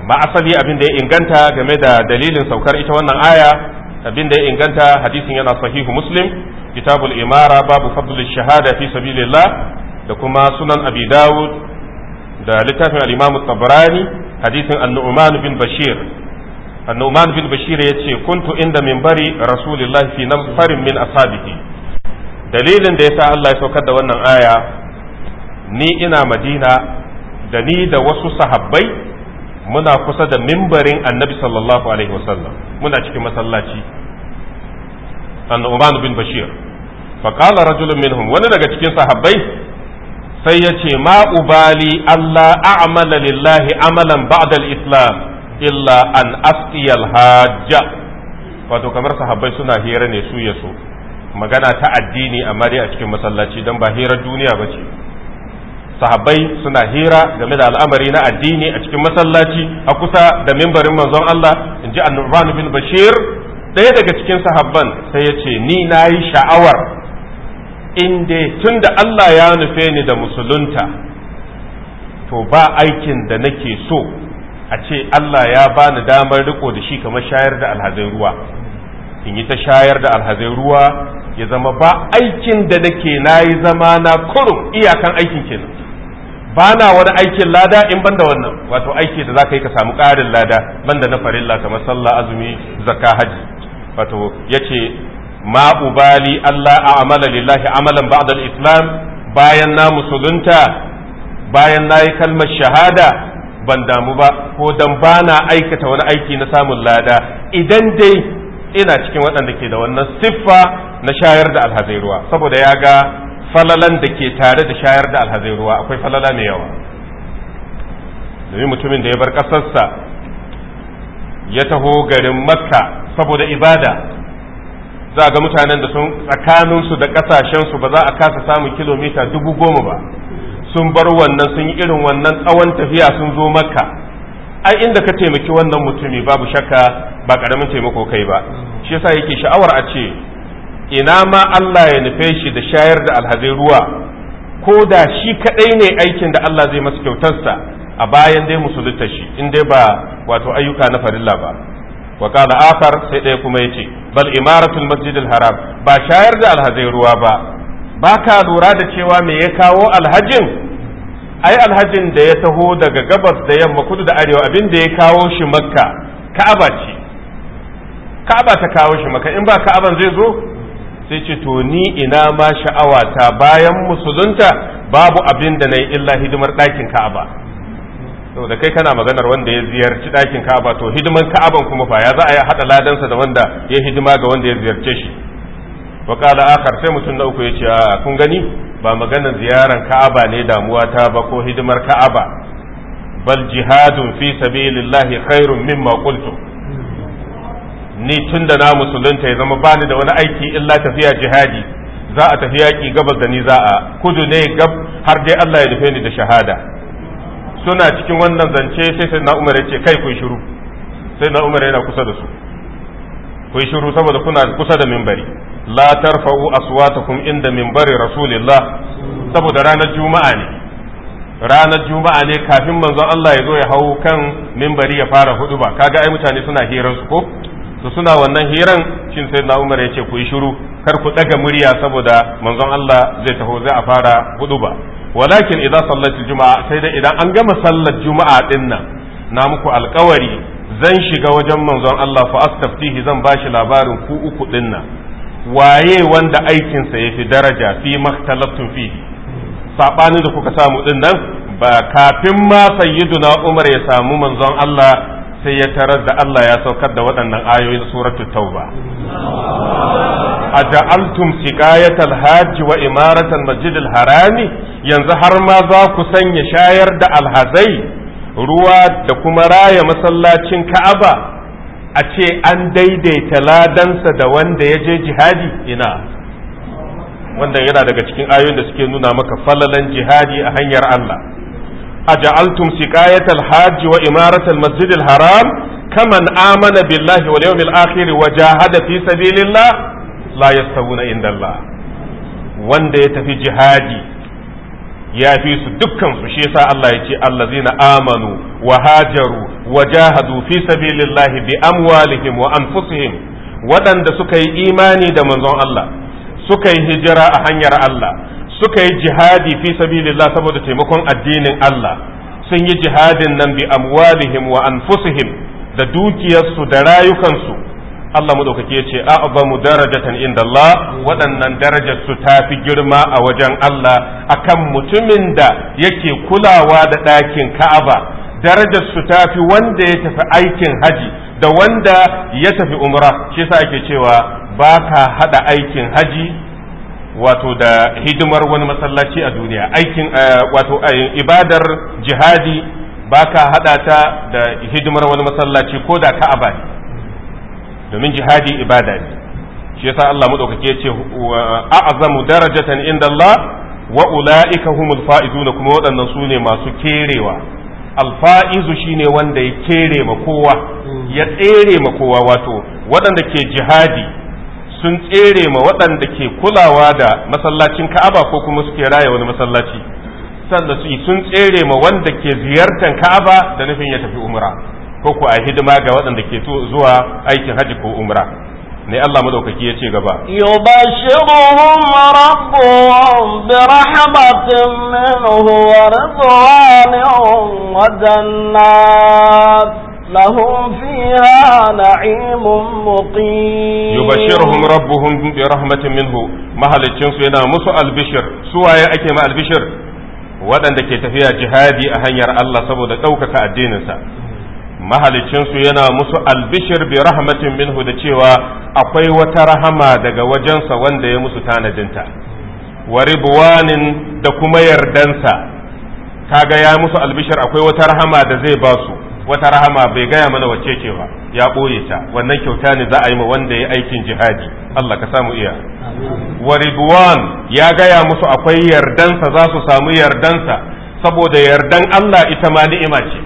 B: amma asali abin da ya inganta game da dalilin saukar ita wannan aya abin da ya inganta hadisin yana sahihu muslim kitabul imara babu fadlul shahada fi sabilillah da kuma sunan abi dawud da littafin al-imam hadisin an-nu'man bin bashir an-nu'man bin bashir yace kuntu inda minbari rasulillahi fi nafarin min ashabihi dalilin da yasa Allah ya saukar da wannan aya ni ina madina da ni da wasu sahabbai muna kusa da mimbarin annabi sallallahu alaihi wasallam muna cikin masallaci annu'man bin bashir fa qala rajulun minhum wani daga cikin sahabbai sai ya ce ma ubali Allah a'mala lillahi amalan ba'da al-islam illa an asqiya al-hajja wato kamar sahabbai suna hira ne su yaso magana ta addini amma dai a cikin masallaci dan ba hirar duniya bace sahabbai suna hira game da al'amari na addini a cikin masallaci a kusa da mimbarin manzon Allah in ji annuban bin bashir ɗaya daga cikin sahabban sai yace ni nayi sha'awar inda tunda tun da Allah ya nufe ni da musulunta to ba aikin da nake so a ce Allah ya bani damar riko da shi kamar shayar da alhazai ruwa in yi ta shayar da alhazai ruwa ya zama ba aikin da nake nayi zama na kurum iyakan aikin kenan ba na wani aikin lada in ban da wannan wato aiki da za ka yi ka samu ƙarin lada ban da na farilla kamar sallah azumi zakka Hajji. wato ya ce ma ubali Allah a amala lillahi amalan ba'da islam bayan na musulunta bayan na yi kalmar shahada ban damu ba ko dan ba na aikata wani aiki na samun lada idan dai ina cikin waɗanda ke da wannan siffa na shayar da alhazai ruwa saboda ya ga falalan da ke tare da shayar da alhazai ruwa akwai falala mai yawa domin mutumin da ya bar ƙasarsa ya taho garin makka saboda ibada za ga mutanen da sun tsakaninsu da kasashensu ba za a kasa samun kilomita dubu goma ba sun bar wannan sun yi irin wannan tsawon tafiya sun zo makka ai inda ka taimaki wannan mutumi babu shakka ba ƙaramin taimako kai ba shi yasa yake sha'awar a ce ina ma Allah ya nufe shi da shayar da alhazai ruwa ko da shi kadai ne aikin da Allah zai masa kyautarsa a bayan dai musulunta shi in dai ba wato ayyuka na farilla ba wa qala akhar sai dai kuma yace bal imaratul masjidil haram ba shayar da alhazai ruwa ba ba ka lura da cewa me ya kawo alhajin ai alhajin da ya taho daga gabas da yamma kudu da arewa abin da ya kawo shi makka ka'aba ce ka'aba ta kawo shi makka in ba ka'aban zai zo sai ce to ni ina ma sha'awata bayan musulunta babu abin da na yi illa hidimar ɗakin ka'aba saboda kai kana maganar wanda ya ziyarci dakin ka'aba to hidiman ka'aban kuma fa ya za a yi haɗa ladansa da wanda ya hidima ga wanda ya ziyarce shi wa kala akhar sai mutum na uku ya ce a kun gani ba maganar ziyaran ka'aba ne damuwa ta ba ko hidimar ka'aba bal jihadun fi sabilillahi khairun mimma qultum ni tun da na musulunta ya zama bani da wani aiki illa tafiya jihadi za a tafi yaƙi gabas da ni za a kudu ne gab har dai Allah ya nufe ni da shahada suna cikin wannan zance sai sai na umar ya ce kai kun shiru sai na umar yana kusa da su kun shiru saboda kuna kusa da mimbari la tarfa'u aswatakum inda mimbari rasulillah saboda ranar juma'a ne ranar juma'a ne kafin manzon Allah ya zo ya hau kan mimbari ya fara huduba kaga ai mutane suna hirar su ko Su suna wannan hiran shin sai na umar ya ce ku yi shiru kar ku daga murya saboda manzon Allah zai taho zai a fara ba. walakin idan sallar juma'a sai dai idan an gama sallar juma'a din nan na muku alkawari zan shiga wajen manzon Allah fa astaftihi zan bashi labarin ku uku din nan waye wanda aikinsa ya fi daraja fi makhtalaftun fi sabani da kuka samu din nan ba kafin ma sayyiduna Umar ya samu manzon Allah sai ya tarar da Allah ya saukar da waɗannan ayoyin suratul tauba aja'altum siqayatal hajj wa imaratal masjidil harami yanzu har ma za ku sanya shayar da alhazai ruwa da kuma raya masallacin ka'aba a ce an daidaita ladansa da wanda ya je jihadi ina wanda yana daga cikin ayoyin da suke nuna maka falalan jihadi a hanyar Allah أجعلتم سقاية الحاج وإمارة المسجد الحرام كمن آمن بالله واليوم الآخر وجاهد في سبيل الله لا يستوون عند الله wanda ya tafi jihadi ya fi su dukkansu shi Allah ya ce allazina amanu wa hajaru wa jahadu fi sabilillahi bi amwalihim wa anfusihim waɗanda suka yi imani da manzon Allah suka yi hijira a hanyar Allah suka yi jihadi fi sabilillah saboda taimakon addinin Allah sun yi jihadin nan bi amwalihim wa anfusihim da dukiyarsu da rayukansu Allah madaukake ya ce a'zamu darajatan inda Allah waɗannan darajar su ta fi girma a wajen Allah akan mutumin da yake kulawa da ɗakin Ka'aba darajar su ta fi wanda ya tafi aikin haji da wanda ya tafi umra shi yasa ake cewa ba ka hada aikin haji wato da hidimar wani masallaci a duniya aikin eh, wato eh, ibadar jihadi ba ka haɗa ta da hidimar wani masallaci ko da ka'aba ne domin jihadi ibada ne shi yasa Allah madaukake ya ce a'zamu darajatan inda Allah wa ula'ika humul fa'izuna kuma waɗannan su ne masu kerewa alfa'izu shine wanda ya kere ma kowa ya tsere ma kowa wato waɗanda ke jihadi sun tsere ma waɗanda ke kulawa da masallacin ka'aba ko kuma suke raya wani masallaci sannan su sun tsere ma wanda ke ziyartar ka'aba da nufin ya tafi umra ko ko a hidima ga waɗanda ke zuwa aikin hajji ko umra ne Allah madaukaki ya ce gaba yubashiruhum
A: rabbuhum bi rahmatin minhu wa ridwanin wa jannatin لهم فيها نعيم مقيم يبشرهم
B: ربهم برحمة منه محل الشمس مسو البشر سوى يأتي مع البشر ودن دكي تفيا جهادي أهير الله سبو دكوك كأدين mahalicinsu yana musu albishir مسو rahmatin minhu da cewa akwai wata rahama daga wajensa wanda ya musu tanadinta وربوان ribwanin da kuma yardansa kaga ya musu albishir akwai wata rahama da zai basu. wata rahama bai gaya mana wacce ce ba ya ɓoye ta wannan kyauta ne za a yi ma wanda ya aikin jihadi Allah ka samu iya wa ridwan ya gaya musu akwai yardansa za su samu yardansa saboda yardan Allah ita ma ni'ima ce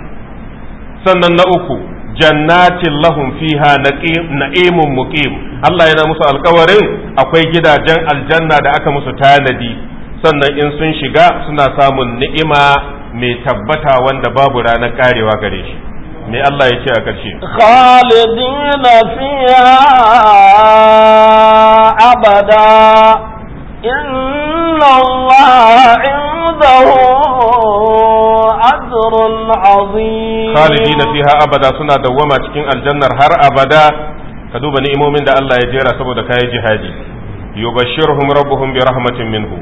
B: sannan na uku jannatin lahum fiha na'imun muqim Allah yana musu alkawarin akwai gidajen aljanna da aka musu tanadi sannan in sun shiga suna samun ni'ima mai tabbata wanda babu ranar karewa gare shi me Allah ya ce a ƙarshe
A: khalidina fiha abada inna Allah indahu ajrun azim khalidina
B: fiha abada suna dawwama cikin aljannar har abada ka duba ni'imomin da Allah ya jera saboda kai jihadi yubashshiruhum rabbuhum bi rahmatin minhu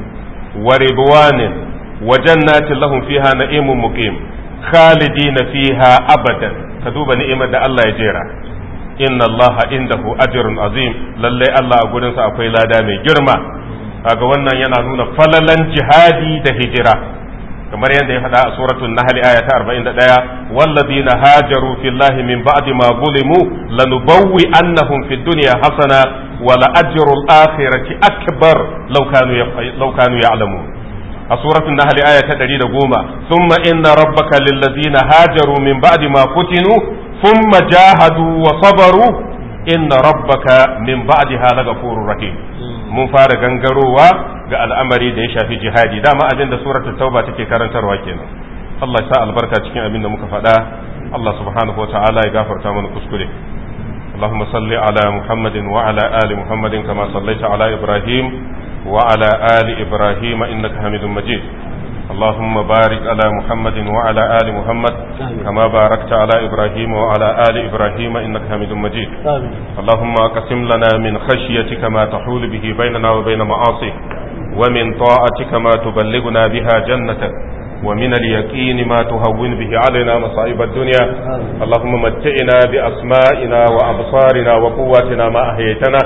B: wa ridwanin wa jannatin lahum fiha na'imun muqim khalidina fiha abadan ka duba ni'imar da Allah ya jera inna Allah indahu ajrun azim lallai Allah a gurinsa akwai lada mai girma kaga wannan yana nuna falalan jihadi da hijira kamar yadda ya faɗa a suratun nahl aya ta 41 walladina hajaru fillahi min ba'di ma zulimu lanubawwi annahum fid dunya hasana wa la ajrul akhirati akbar law kanu law kanu a suratul nahl aya ta ɗari 110 thumma inna rabbaka lillazina hajaru min ba'di ma futinu thumma jahadu wa sabaru inna rabbaka min ba'diha lagafurur rahim mun fara gangarowa ga al'amari da ya shafi jihadi dama abin da suratul tauba take karantarwa kenan Allah ya sa albarka cikin abin da muka faɗa Allah subhanahu wa ta'ala ya gafarta mana kuskure اللهم صل على محمد وعلى آل محمد كما صليت على إبراهيم وعلى آل إبراهيم إنك حميد مجيد اللهم بارك على محمد وعلى آل محمد كما باركت على إبراهيم وعلى آل إبراهيم إنك حميد مجيد اللهم أقسم لنا من خشيتك ما تحول به بيننا وبين معاصيك ومن طاعتك ما تبلغنا بها جنتك ومن اليقين ما تهون به علينا مصائب الدنيا اللهم متعنا بأسمائنا وأبصارنا وقواتنا ما أحييتنا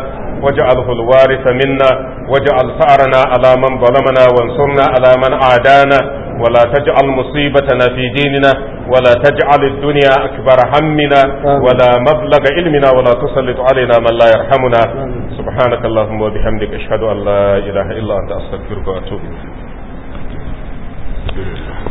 B: واجعله الوارث منا واجعل ثأرنا على من ظلمنا وانصرنا على من عادانا ولا تجعل مصيبتنا في ديننا ولا تجعل الدنيا أكبر همنا ولا مبلغ علمنا ولا تسلط علينا من لا يرحمنا سبحانك اللهم وبحمدك أشهد أن لا إله إلا أنت أستغفرك وأتوب إليك الحمد لله